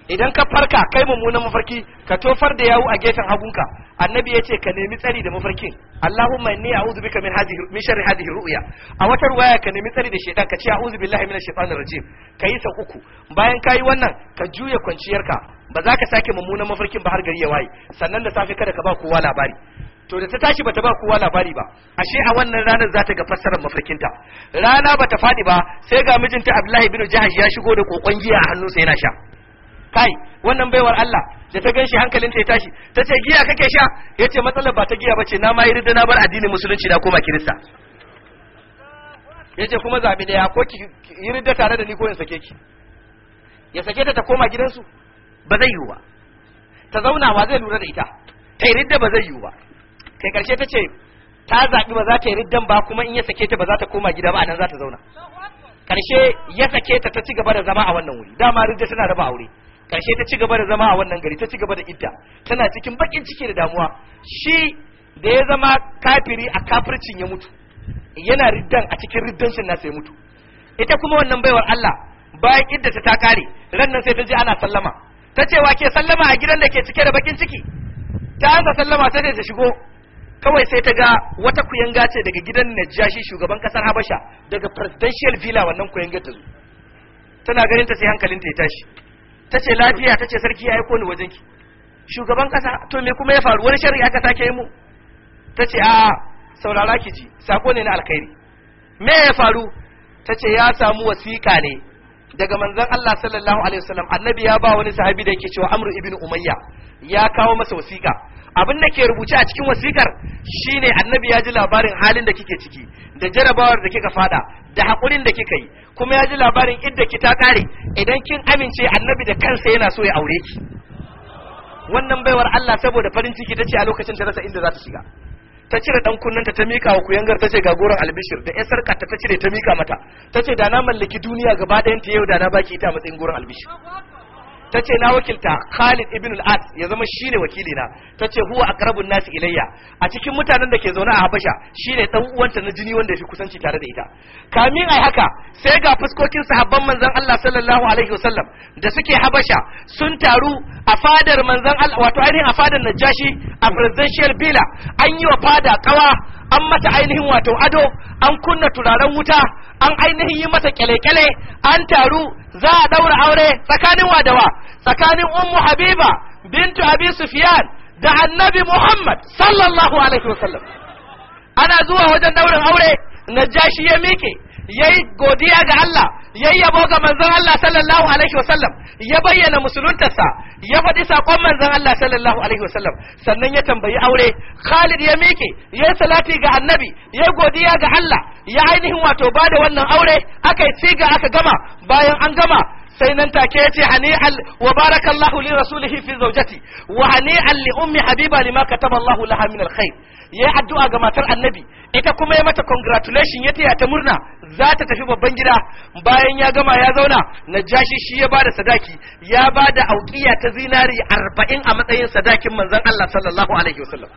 idan ka farka kai mummunan mafarki ka tofar da yawu a gefen hagunka annabi ya ce ka nemi tsari da mafarkin allahumma inni a'udhu bika min hadhihi min sharri hadhihi ru'ya a wata ruwaya ka nemi tsari da shaytan ka ce a'udhu billahi minash shaitanir rajim kai sa uku bayan kayi wannan ka juya kwanciyarka ba za ka sake mummunan mafarkin ba har gari ya waye sannan da safe kada ka ba kowa labari to da ta tashi bata ba kowa labari ba ashe a wannan ranar za ta ga fassarar mafarkinta rana ba ta faɗi ba sai ga mijinta Abdullahi bin Jahash ya shigo da kokon giya a hannunsa yana sha kai wannan baiwar Allah da ta ganshi ta ya tashi ta ce giya kake sha ya ce matsalar ba ta giya ba ce na ma yi na bar addinin musulunci na koma kirista ya ce kuma zaɓi da ya ko ki yi ridda tare da ni ko in sake ki ya sake ta ta koma gidansu ba zai yiwu ba ta zauna wa zai lura da ita ta yi ridda ba zai yiwu ba kai karshe ta ce ta zaɓi ba za ta yi riddan ba kuma in ya sake ta ba za ta koma gida ba a nan za ta zauna karshe ya sake ta ta ci gaba da zama a wannan wuri dama ridda tana raba aure karshe ta ci gaba da zama a wannan gari ta ci gaba da idda tana cikin bakin ciki da damuwa shi da ya zama kafiri a kafircin ya mutu yana riddan a cikin riddancin nasa ya mutu ita kuma wannan baiwar Allah bayan iddata ta ta kare rannan sai ta ji ana sallama ta ce wa ke sallama a gidan da ke cike da bakin ciki ta ansa sallama ta ta shigo kawai sai ta ga wata kuyanga ce daga gidan Najashi shugaban kasar Habasha daga presidential villa wannan kuyangar ta zo tana ganin ta sai hankalinta ya tashi ta ce lafiya ta ce sarki ya aiko ni wajen ki shugaban kasa to me kuma ya faru wani shari'a ka sake yi mu ta ce a saurara ki ji sako ne na alkhairi me ya faru ta ce ya samu wasiƙa ne daga manzon Allah sallallahu alaihi wasallam annabi ya ba wani sahabi da yake cewa amru ibnu Umayya ya kawo masa wasiƙa abin da ke rubuce a cikin wasikar shine annabi ya ji labarin halin da kike ciki da jarabawar da kika fada da haƙurin da kika yi kuma ya ji labarin idda ki ta kare idan kin amince annabi da kansa yana so ya aure ki wannan baiwar Allah saboda farin ciki ta ce a lokacin ta rasa inda za ta shiga ta cire dan kunnanta ta mika wa kuyangar ta ce ga goron albishir da ya sarka ta cire ta mika mata tace da na mallaki duniya gaba ɗayan ta yau da na baki ita a matsayin goron albishir ta ce na wakilta Khalid ibn al ad ya zama shine wakilina ta ce huwa aqrabun nasi ilayya a cikin mutanen da ke zaune a Habasha ne dan uwanta na jini wanda fi kusanci tare da ita kamin ai haka sai ga fuskokin sahabban manzon Allah sallallahu alaihi wasallam da suke Habasha sun taru a fadar manzon Allah wato ainihin a fadar Najashi a presidential villa an yi wa fada kawa an mata ainihin wato ado an kunna turaren wuta an ainihin yi mata kyale-kyale an taru za a daura aure tsakanin wadawa tsakanin ummu habiba bintu abi sufyan da annabi muhammad sallallahu alaihi wasallam ana zuwa wajen daurin aure najashi ya miƙe yayi godiya ga Allah yayyabo ga manzon Allah sallallahu alaihi wasallam ya bayyana musuluntarsa ya faɗi sakon manzon Allah sallallahu alaihi wasallam sannan ya tambayi aure Khalid ya miƙe ya yi salati ga annabi ya godiya ga Allah ya ainihin wato ba da wannan aure aka yi ciga aka gama bayan an gama sai nan take ya ce hani al wa barakallahu li rasulihi fi zawjati wa hani al li ummi habiba lima kataballahu laha min al khair ya yi addu'a ga matar annabi ita kuma ya mata congratulation ya taya ta murna za ta tafi babban gida bayan ya gama ya zauna najashi shi ya bada sadaki ya bada auqiya ta zinari arba'in a matsayin sadakin manzon Allah sallallahu alaihi wasallam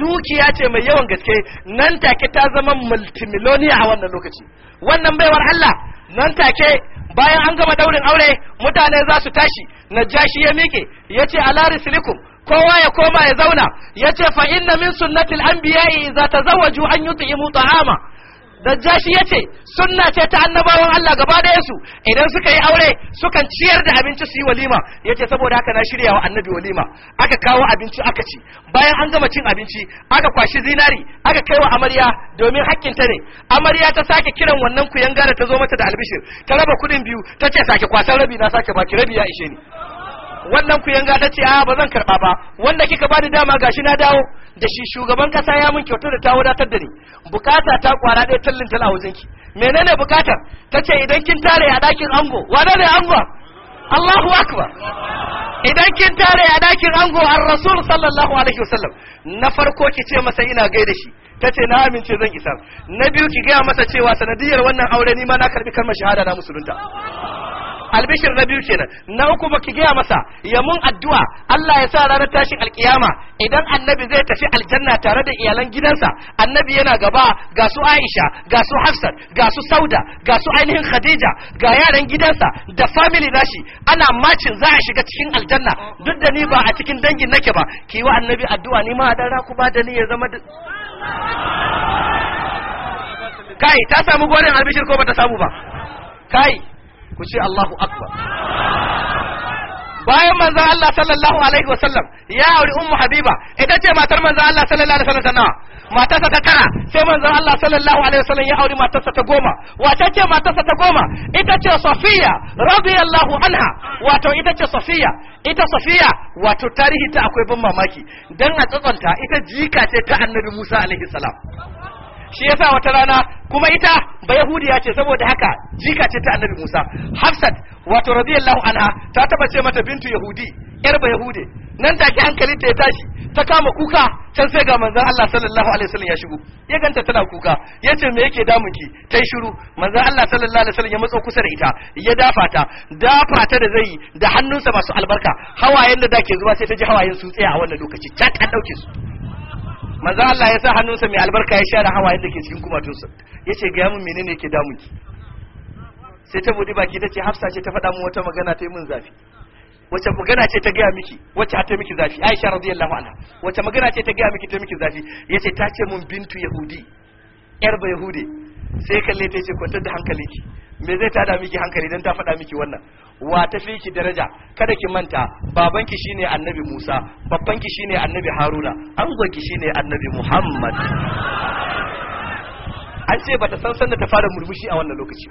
dukiya ce mai yawan gaske nan take ta zama multimillionaire a wannan lokaci wannan baiwar Allah nan take bayan an gama daurin aure mutane za su tashi najashi ya mike ya ce ala risilikum kowa ya koma ya zauna ya ce fa inna min sunnatil anbiya'i idza tazawwaju an yut'imu ta'ama dajjashi ya ce sunna ce ta annabawan Allah gaba da yasu idan suka yi aure sukan ciyar da abinci su yi walima ya ce saboda haka na shirya wa annabi walima aka kawo abinci aka ci bayan an gama cin abinci aka kwashi zinari aka kai wa amarya domin hakkin ta ne amarya ta sake kiran wannan kuyan da ta zo mata da albishir ta raba kuɗin biyu ta ce sake kwasan rabi na sake baki rabi ya ishe ni wannan ku yanga ta ce a ba zan karba ba wanda kika ba bani dama gashi na dawo da shi shugaban kasa ya mun kyautar da ta wadatar da ni bukata ta kwara ɗaya tallin tala ki menene bukata ta ce idan kin tare a ɗakin ango wane ne ango Allahu akbar idan kin tare a ɗakin ango an rasul sallallahu alaihi wasallam na farko ki ce masa ina gaida shi ta ce na amince zan isa na biyu ki gaya masa cewa sanadiyar wannan aure ni ma na karbi kalmar shahada na musulunta albishir na biyu kenan na uku ki gaya masa ya mun addu'a Allah ya sa ranar tashin alkiyama idan annabi zai tafi aljanna tare da iyalan gidansa annabi yana gaba ga su Aisha ga su Hafsat ga su Sauda ga su ainihin Khadija ga yaran gidansa da family nashi ana macin za a shiga cikin aljanna duk da ni ba a cikin dangin nake ba ki wa annabi addu'a ni ma dan ku ba da ni ya zama kai ta samu gorin albishir ko bata samu ba kai ku ce Allahu akbar bayan manzon Allah sallallahu alaihi wasallam ya auri ummu habiba ita ce matar manzon Allah sallallahu alaihi wasallam nawa matarsa ta tara sai manzon Allah sallallahu alaihi wasallam ya auri matarsa ta goma wace ce matarsa ta goma ita ce Safiya radiyallahu anha wato ita ce Safiya ita Safiya wato tarihi ta akwai ban mamaki dan a tsatsanta ita jika ce ta Annabi Musa alaihi salam shi yasa wata rana kuma ita ba yahudiya ce saboda haka jika ce ta annabi Musa Hafsat wato radiyallahu anha ta taba ce mata bintu yahudi yar ba yahude nan take hankali ta ya tashi ta kama kuka can sai ga manzon Allah sallallahu alaihi wasallam ya shigo ya ganta tana kuka yace me yake damun ki tai shiru manzon Allah sallallahu alaihi wasallam ya matso kusa da ita ya dafa ta dafa ta da zai da hannunsa masu albarka hawayen da dake zuwa sai ta ji hawayen su tsaya a wannan lokaci ta ta dauke su manzo Allah ya sa hannunsa mai albarka ya share hawaye da ke cikin kumatunsa ce ga yamin menene ke damun ki sai ta bude baki ce Hafsa ce ta faɗa mu wata magana ta yi min zafi wace magana ce ta gaya miki wace ta miki zafi Aisha radiyallahu anha wace magana ce ta gaya miki ta miki zafi yace ta ce mun bintu yahudi yar ba hude. sai kalle ta ce kwantar da hankali me zai tada miki hankali dan ta faɗa miki wannan wa ta fi ki daraja kada ki manta babanki ki shine annabi Musa babban ki shine annabi Haruna angon ki shine annabi Muhammad an ce bata san sanda ta fara murmushi a wannan lokaci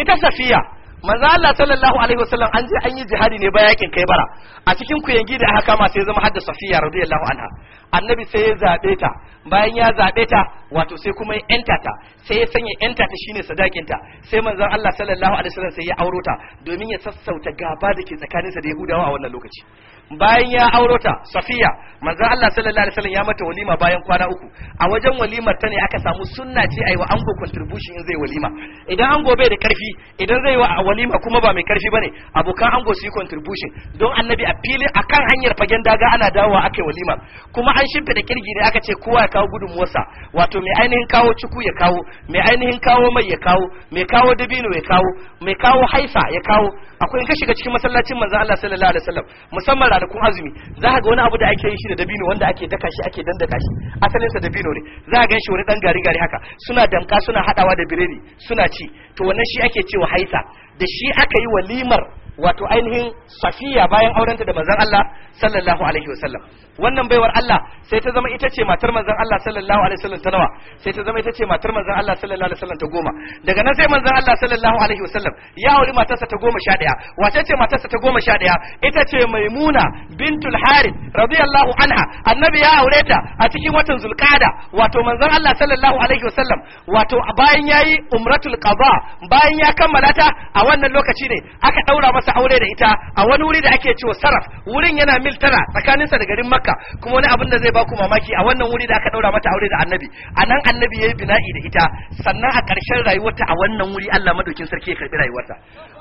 ita Safiya manzo Allah sallallahu alaihi wasallam an je an yi jihadi ne bayan yakin kai bara a cikin ku yangi da aka kama sai zama hadda Safiya radiyallahu anha annabi sai ya zabe ta bayan ya zabe ta wato sai kuma ya enta ta sai ya sanya enta ta shine sadakin ta sai manzon Allah sallallahu alaihi wasallam sai ya auro ta domin ya sassauta gaba da ke tsakaninsa da Yahudawa a wannan lokaci bayan ya auro ta safiya manzon Allah sallallahu alaihi wasallam ya mata walima bayan kwana uku a wajen walimar ta ne aka samu sunna ce ayi wa ango contribution in zai walima idan ango bai da karfi idan zai wa walima kuma ba mai karfi bane abokan ango su yi contribution don annabi a fili akan hanyar fagen daga ana dawowa aka yi walima kuma an shimfida kirgi ne aka ce kowa ya kawo gudunmuwarsa wato mai ainihin kawo cuku ya kawo mai ainihin kawo mai ya kawo mai kawo dabino ya kawo mai kawo haifa ya kawo akwai in ka shiga cikin masallacin manzon Allah sallallahu alaihi wasallam musamman ranakun azumi za ka ga wani abu da ake yi shi da dabino wanda ake daka shi ake dandaka shi asalin sa dabino ne za ka ganshi wani dan gari gari haka suna damka suna hadawa da biredi suna ci to wannan shi ake cewa haisa da shi aka yi walimar wato ainihin safiya bayan aurenta da manzon Allah sallallahu alaihi wasallam wannan baiwar Allah sai ta zama ita ce matar manzon Allah sallallahu alaihi wasallam ta nawa sai ta zama ita ce matar manzon Allah sallallahu alaihi wasallam ta goma daga nan sai manzon Allah sallallahu alaihi wasallam ya auri matarsa ta goma sha ɗaya wace ce matarsa ta goma sha ɗaya ita ce maimuna bintul harith radiyallahu anha annabi ya aure ta a cikin watan zulqada wato manzon Allah sallallahu alaihi wasallam wato bayan yayi umratul qada bayan ya kammala ta a wannan lokaci ne aka daura masa masa aure da ita a wani wuri da ake cewa saraf wurin yana mil tara tsakaninsa da garin makka kuma wani abin da zai baku mamaki a wannan wuri da aka daura mata aure da annabi a nan annabi ya yi bina'i da ita sannan a ƙarshen rayuwarta a wannan wuri allah madaukin sarki ya karɓi rayuwarta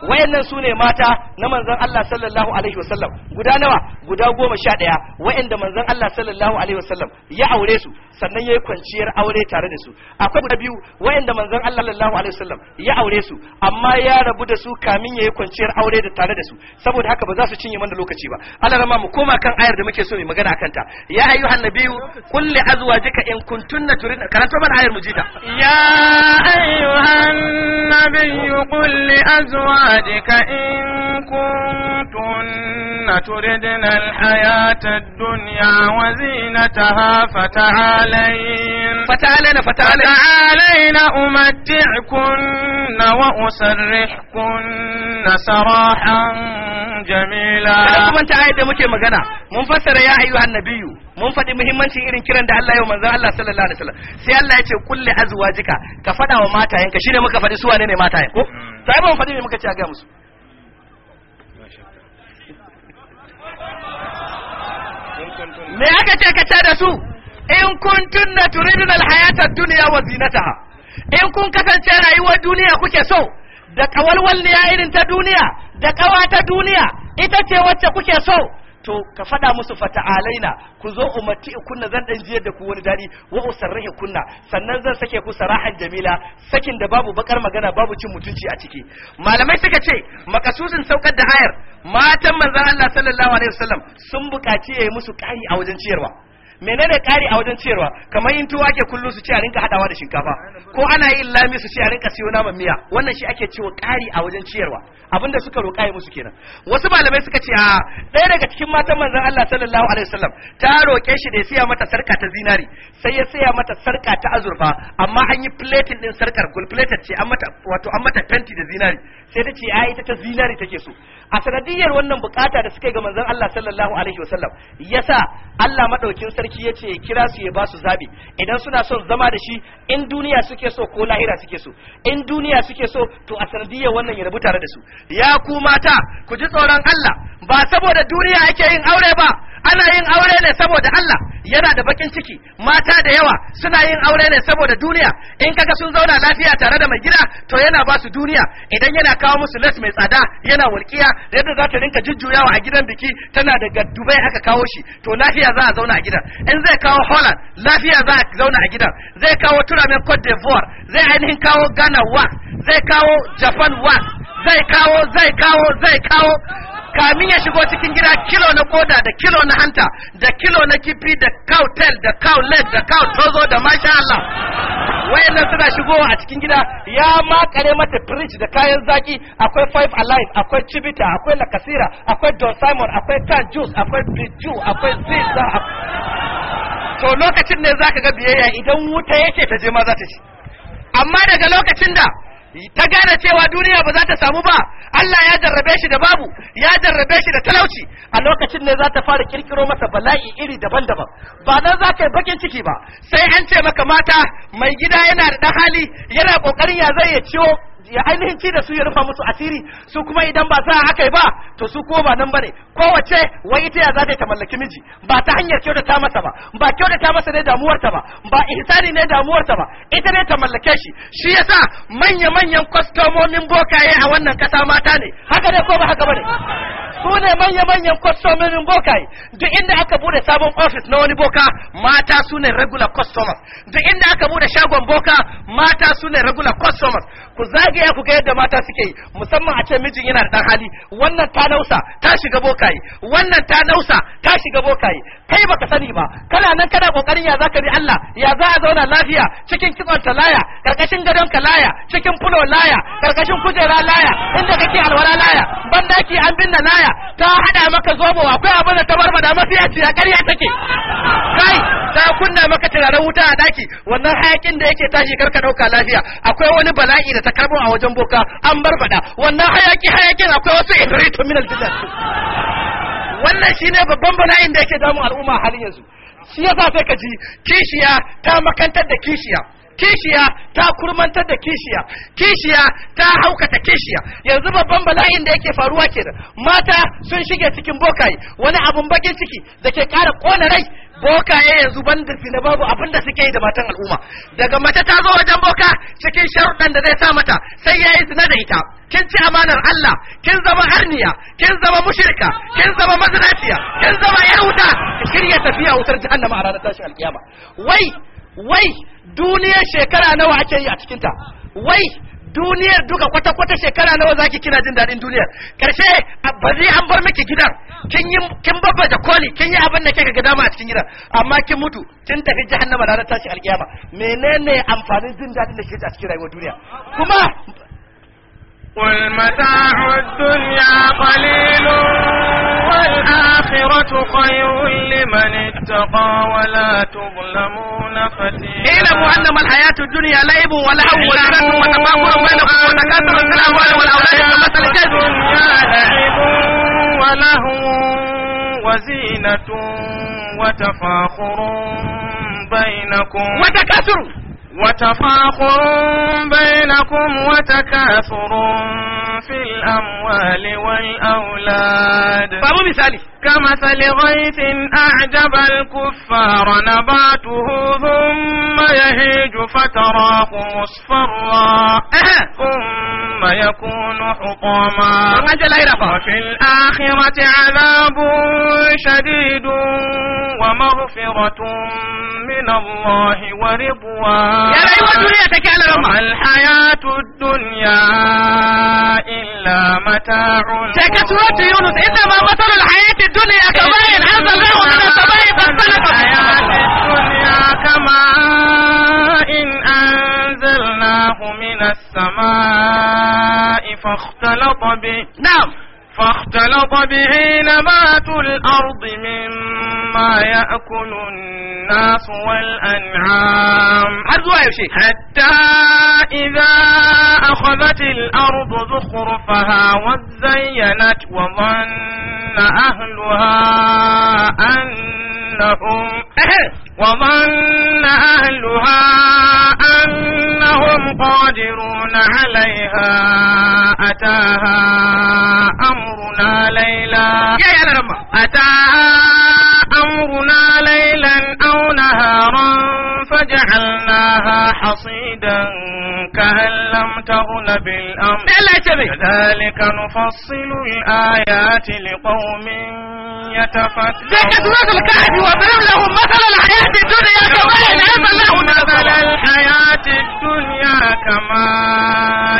wayannan su ne mata na manzon allah sallallahu alaihi wasallam guda nawa guda goma sha ɗaya wayanda manzon allah sallallahu alaihi wasallam ya aure su sannan ya yi kwanciyar aure tare da su akwai guda biyu wayanda manzon allah sallallahu alaihi wasallam ya aure su amma ya rabu da su kamin ya yi kwanciyar aure da tare da su saboda haka ba za su cinye mana lokaci ba Allah rama mu koma kan ayar da muke so mu magana akan ta ya ayyuhan nabiyyu qul li azwajika in kuntunna turidna karanto mana ayar mujida ya ayyuhan nabiyyu qul li azwajika in kuntunna turidna al-hayata ad-dunya wa zinataha fata'alayn fata'alayn fata'alayn umatti'kunna wa usarrihkunna sarahan jamila kada kuma ta ayat da muke magana mun fassara ya ayyu annabiyu mun faɗi muhimmancin irin kiran da Allah ya manzo Allah sallallahu alaihi wasallam sai Allah ya ce kulli azwajika ka faɗa wa matayenka shine muka faɗi su wane ne matayen ko hmm. sai mun mu faɗi me muka ce a ga musu me aka ce ka ta da su in kuntunna turiduna alhayata ad-dunya wa zinataha in kun kasance rayuwar duniya kuke so da kawalwal ne irin ta duniya da ƙawa ta duniya ita ce wacce kuke so to ka faɗa musu alaina ku zo umarti kunna zan dan jiyar da ku wani dadi wa usarrahi kunna sannan zan sake ku sarahan jamila sakin da babu bakar magana babu cin mutunci a ciki malamai suka ce makasudin saukar da ayar matan manzon Allah sallallahu alaihi wasallam sun buƙaci yayi musu ƙari a wajen ciyarwa Mene ne kari a wajen ciyarwa kamar yin tuwa ke kullum su ce a rinka hadawa da shinkafa ko ana yin lami su ce a rinka siyo naman miya wannan shi ake cewa kari a wajen ciyarwa abinda suka roƙa musu kenan wasu malamai suka ce a ɗaya daga cikin matan manzon Allah sallallahu alaihi wasallam ta roƙe shi da ya siya mata sarka ta zinari sai ya siya mata sarka ta azurfa amma an yi plating din sarkar gold plated ce an mata wato an mata fenti da zinari sai ta ce ai ita ta zinari take so a sanadiyar wannan bukata da suka yi ga manzon Allah sallallahu alaihi wasallam yasa Allah madaukin sarki ya ce kira su ya ba su zabi idan suna son zama da shi in duniya suke so ko lahira suke so in duniya suke so to a sanadiyar wannan ya rabu tare da su ya ku mata ku ji tsoron Allah ba saboda duniya ake yin aure ba ana yin aure ne saboda Allah yana da bakin ciki mata da yawa suna yin aure ne saboda duniya in kaga sun zauna lafiya tare da mai gida to yana ba su duniya idan yana kawo musu les mai tsada yana walƙiya yadda za ta rinka jujjuyawa a gidan biki tana da gaddubai haka kawo shi to lafiya za a zauna a gidan in zai kawo Holland lafiya za a zauna a gidan zai kawo turamin Cote d'Ivoire zai ainihin kawo Ghana wax zai kawo Japan wax zai kawo zai kawo zai kawo kamin ya shigo cikin gida kilo na koda da kilo na hanta da kilo na kifi da cow tail da cow leg da cow tozo da masha Allah wayannan suna shigo a cikin gida ya makare mata fridge da kayan zaki akwai five alive akwai chibita akwai lakasira akwai don simon akwai tan juice akwai biju akwai pizza to lokacin ne zaka ga biyayya idan wuta yake ta je ma za ta ci amma daga lokacin da ta gane cewa duniya ba za ta samu ba Allah ya jarrabe shi da babu ya jarrabe shi da talauci a lokacin ne za ta fara kirkiro masa bala'i iri daban-daban ba nan za ka yi bakin ciki ba sai an ce maka mata mai gida yana da hali yana kokarin ya zai ya ciwo ya ainihin ci da su ya rufa musu asiri su kuma idan ba sa aka yi ba to su ko ba nan bane kowace wai ita ya zata ta mallaki miji ba ta hanyar kyau da ta masa ba ba kyau da ta masa ne damuwarta ba ba ihsani ne damuwarta ba ita ne ta mallake shi shi yasa manya manyan kwastomomin bokaye a wannan kasa mata ne haka ne ko ba haka bane su ne manya manyan kwastomomin bokaye duk inda aka bude sabon office na wani boka mata su ne regular customers duk inda aka bude shagon boka mata su ne regular customers ku za. zagaya ku ga yadda mata suke yi musamman a ce mijin yana da dan hali wannan ta nausa ta shiga bokaye wannan ta nausa ta shiga bokaye kai baka sani ba kana nan kana kokarin ya zaka bi Allah ya za a zauna lafiya cikin kitson ta laya karkashin gadon ka laya cikin fulo laya karkashin kujera laya inda kake alwala laya daki an binna laya ta hada maka zobo akwai abin da ta barbada mafiya ce ya ƙarya take kai ta kunna maka turaren wuta a daki wannan hayakin da yake tashi karka dauka lafiya akwai wani bala'i da ta karbo a wajen boka an barbada wannan hayaki hayakin akwai wasu ifritu min aljidan wannan shine babban bala'in da yake damu al'umma halin yanzu shi yasa sai ka ji kishiya ta makantar da kishiya kishiya ta kurmantar da kishiya kishiya ta haukata kishiya yanzu babban bala'in da yake faruwa kenan mata sun shige cikin bokaye wani abun bakin ciki da ke kara kona rai Boka ya yanzu ban da babu abin da suke yi da matan al'umma daga mace ta zo wajen boka cikin sharuɗan da zai sa mata sai ya yi zina da ita kin ci amanar Allah kin zama harniya kin zama mushirka kin zama mazinaciya kin zama yar wuta ki shirya tafiya wutar jahannama a ranar tashin alƙiyama wai wai duniyar shekara nawa ake yi a cikinta wai duniyar duka kwata-kwata shekara nawa zaki kina jin daɗin duniyar karshe ba zai an bar miki gidan kin yi kin da koli kin yi abin da kika ga dama a cikin gidan amma kin mutu kin tafi jahannama da ta tashi alkiyama menene amfanin jin daɗin da kike a cikin rayuwar duniya kuma قل متاع الدنيا قليل والآخرة خير لمن اتقى ولا تظلمون فتيلا اعلموا أنما الحياة الدنيا لعب ولهو وزينة وتفاخر بينكم وتكاثر في الأموال والأولاد كمثل الجد لعب ولهو وزينة وتفاخر بينكم وتكاثر وتفاخر بينكم وتكاثر في الأموال والأولاد بابو مثالي كمثل غيث أعجب الكفار نباته ثم يهيج فتراه مصفرا ثم يكون حطاما وفي الآخرة عذاب شديد ومغفرة من الله ورضوان الحياة الدنيا إلا متاع شكت يونس إنما مثل الحياة الدنيا كماء أنزلناه من السماء فاختلط الحياة الدنيا أنزلناه من السماء فاختلط به نعم فاختلط به نبات الأرض مما يأكل الناس والأنعام حتى إذا أخذت الأرض زخرفها وزينت وظن أهلها أنهم وظن أهلها أنهم قادرون عليها أتاها أمرنا ليلا أتاها أمرنا ليلا أو نهارا فجعلناها حصيدا كأن لم تغن بالأمر كذلك نفصل الآيات لقوم يتفكرون ذكر الكهف وضرب لهم مثل الحياة الحياة الدنيا كما إن أنزلناه مثل الحياة الدنيا كما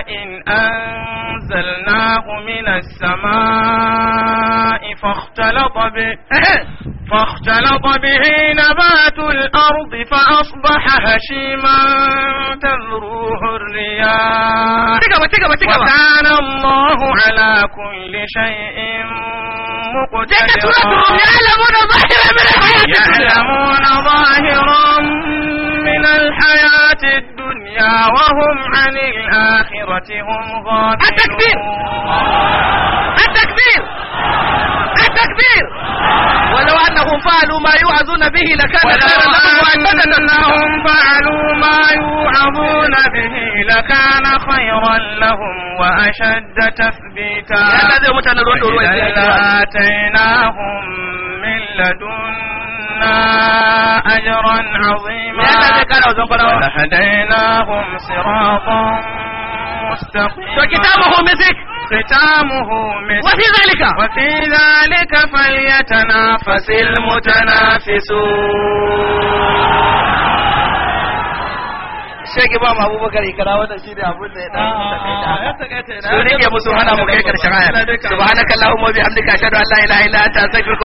إن أنزلناه أنزلناه من السماء فاختلط به فاختلط به نبات الأرض فأصبح هشيما تذروه الرياح وكان الله على كل شيء مقتدرا يعلمون ظاهرا من الحياة يعلمون ظاهرا من الحياة الدنيا وهم عن الآخرة هم غافلون التكبير التكبير التكبير ولو أنهم فعلوا ما يوعظون به لكان خيرا لهم وأنهم أنهم فعلوا ما يوعظون به لكان خيرا لهم وأشد تثبيتا لأن آتيناهم من لدن لنا أجرا عظيما وهديناهم صراطا مستقيما وكتابه مسك ختامه مسك وفي ذلك وفي ذلك فليتنافس المتنافسون shege ba mu abubakar ikara wannan shi ne abin da ya dan takaita su rike musu mu kai karshen aya subhanakallahumma wa bihamdika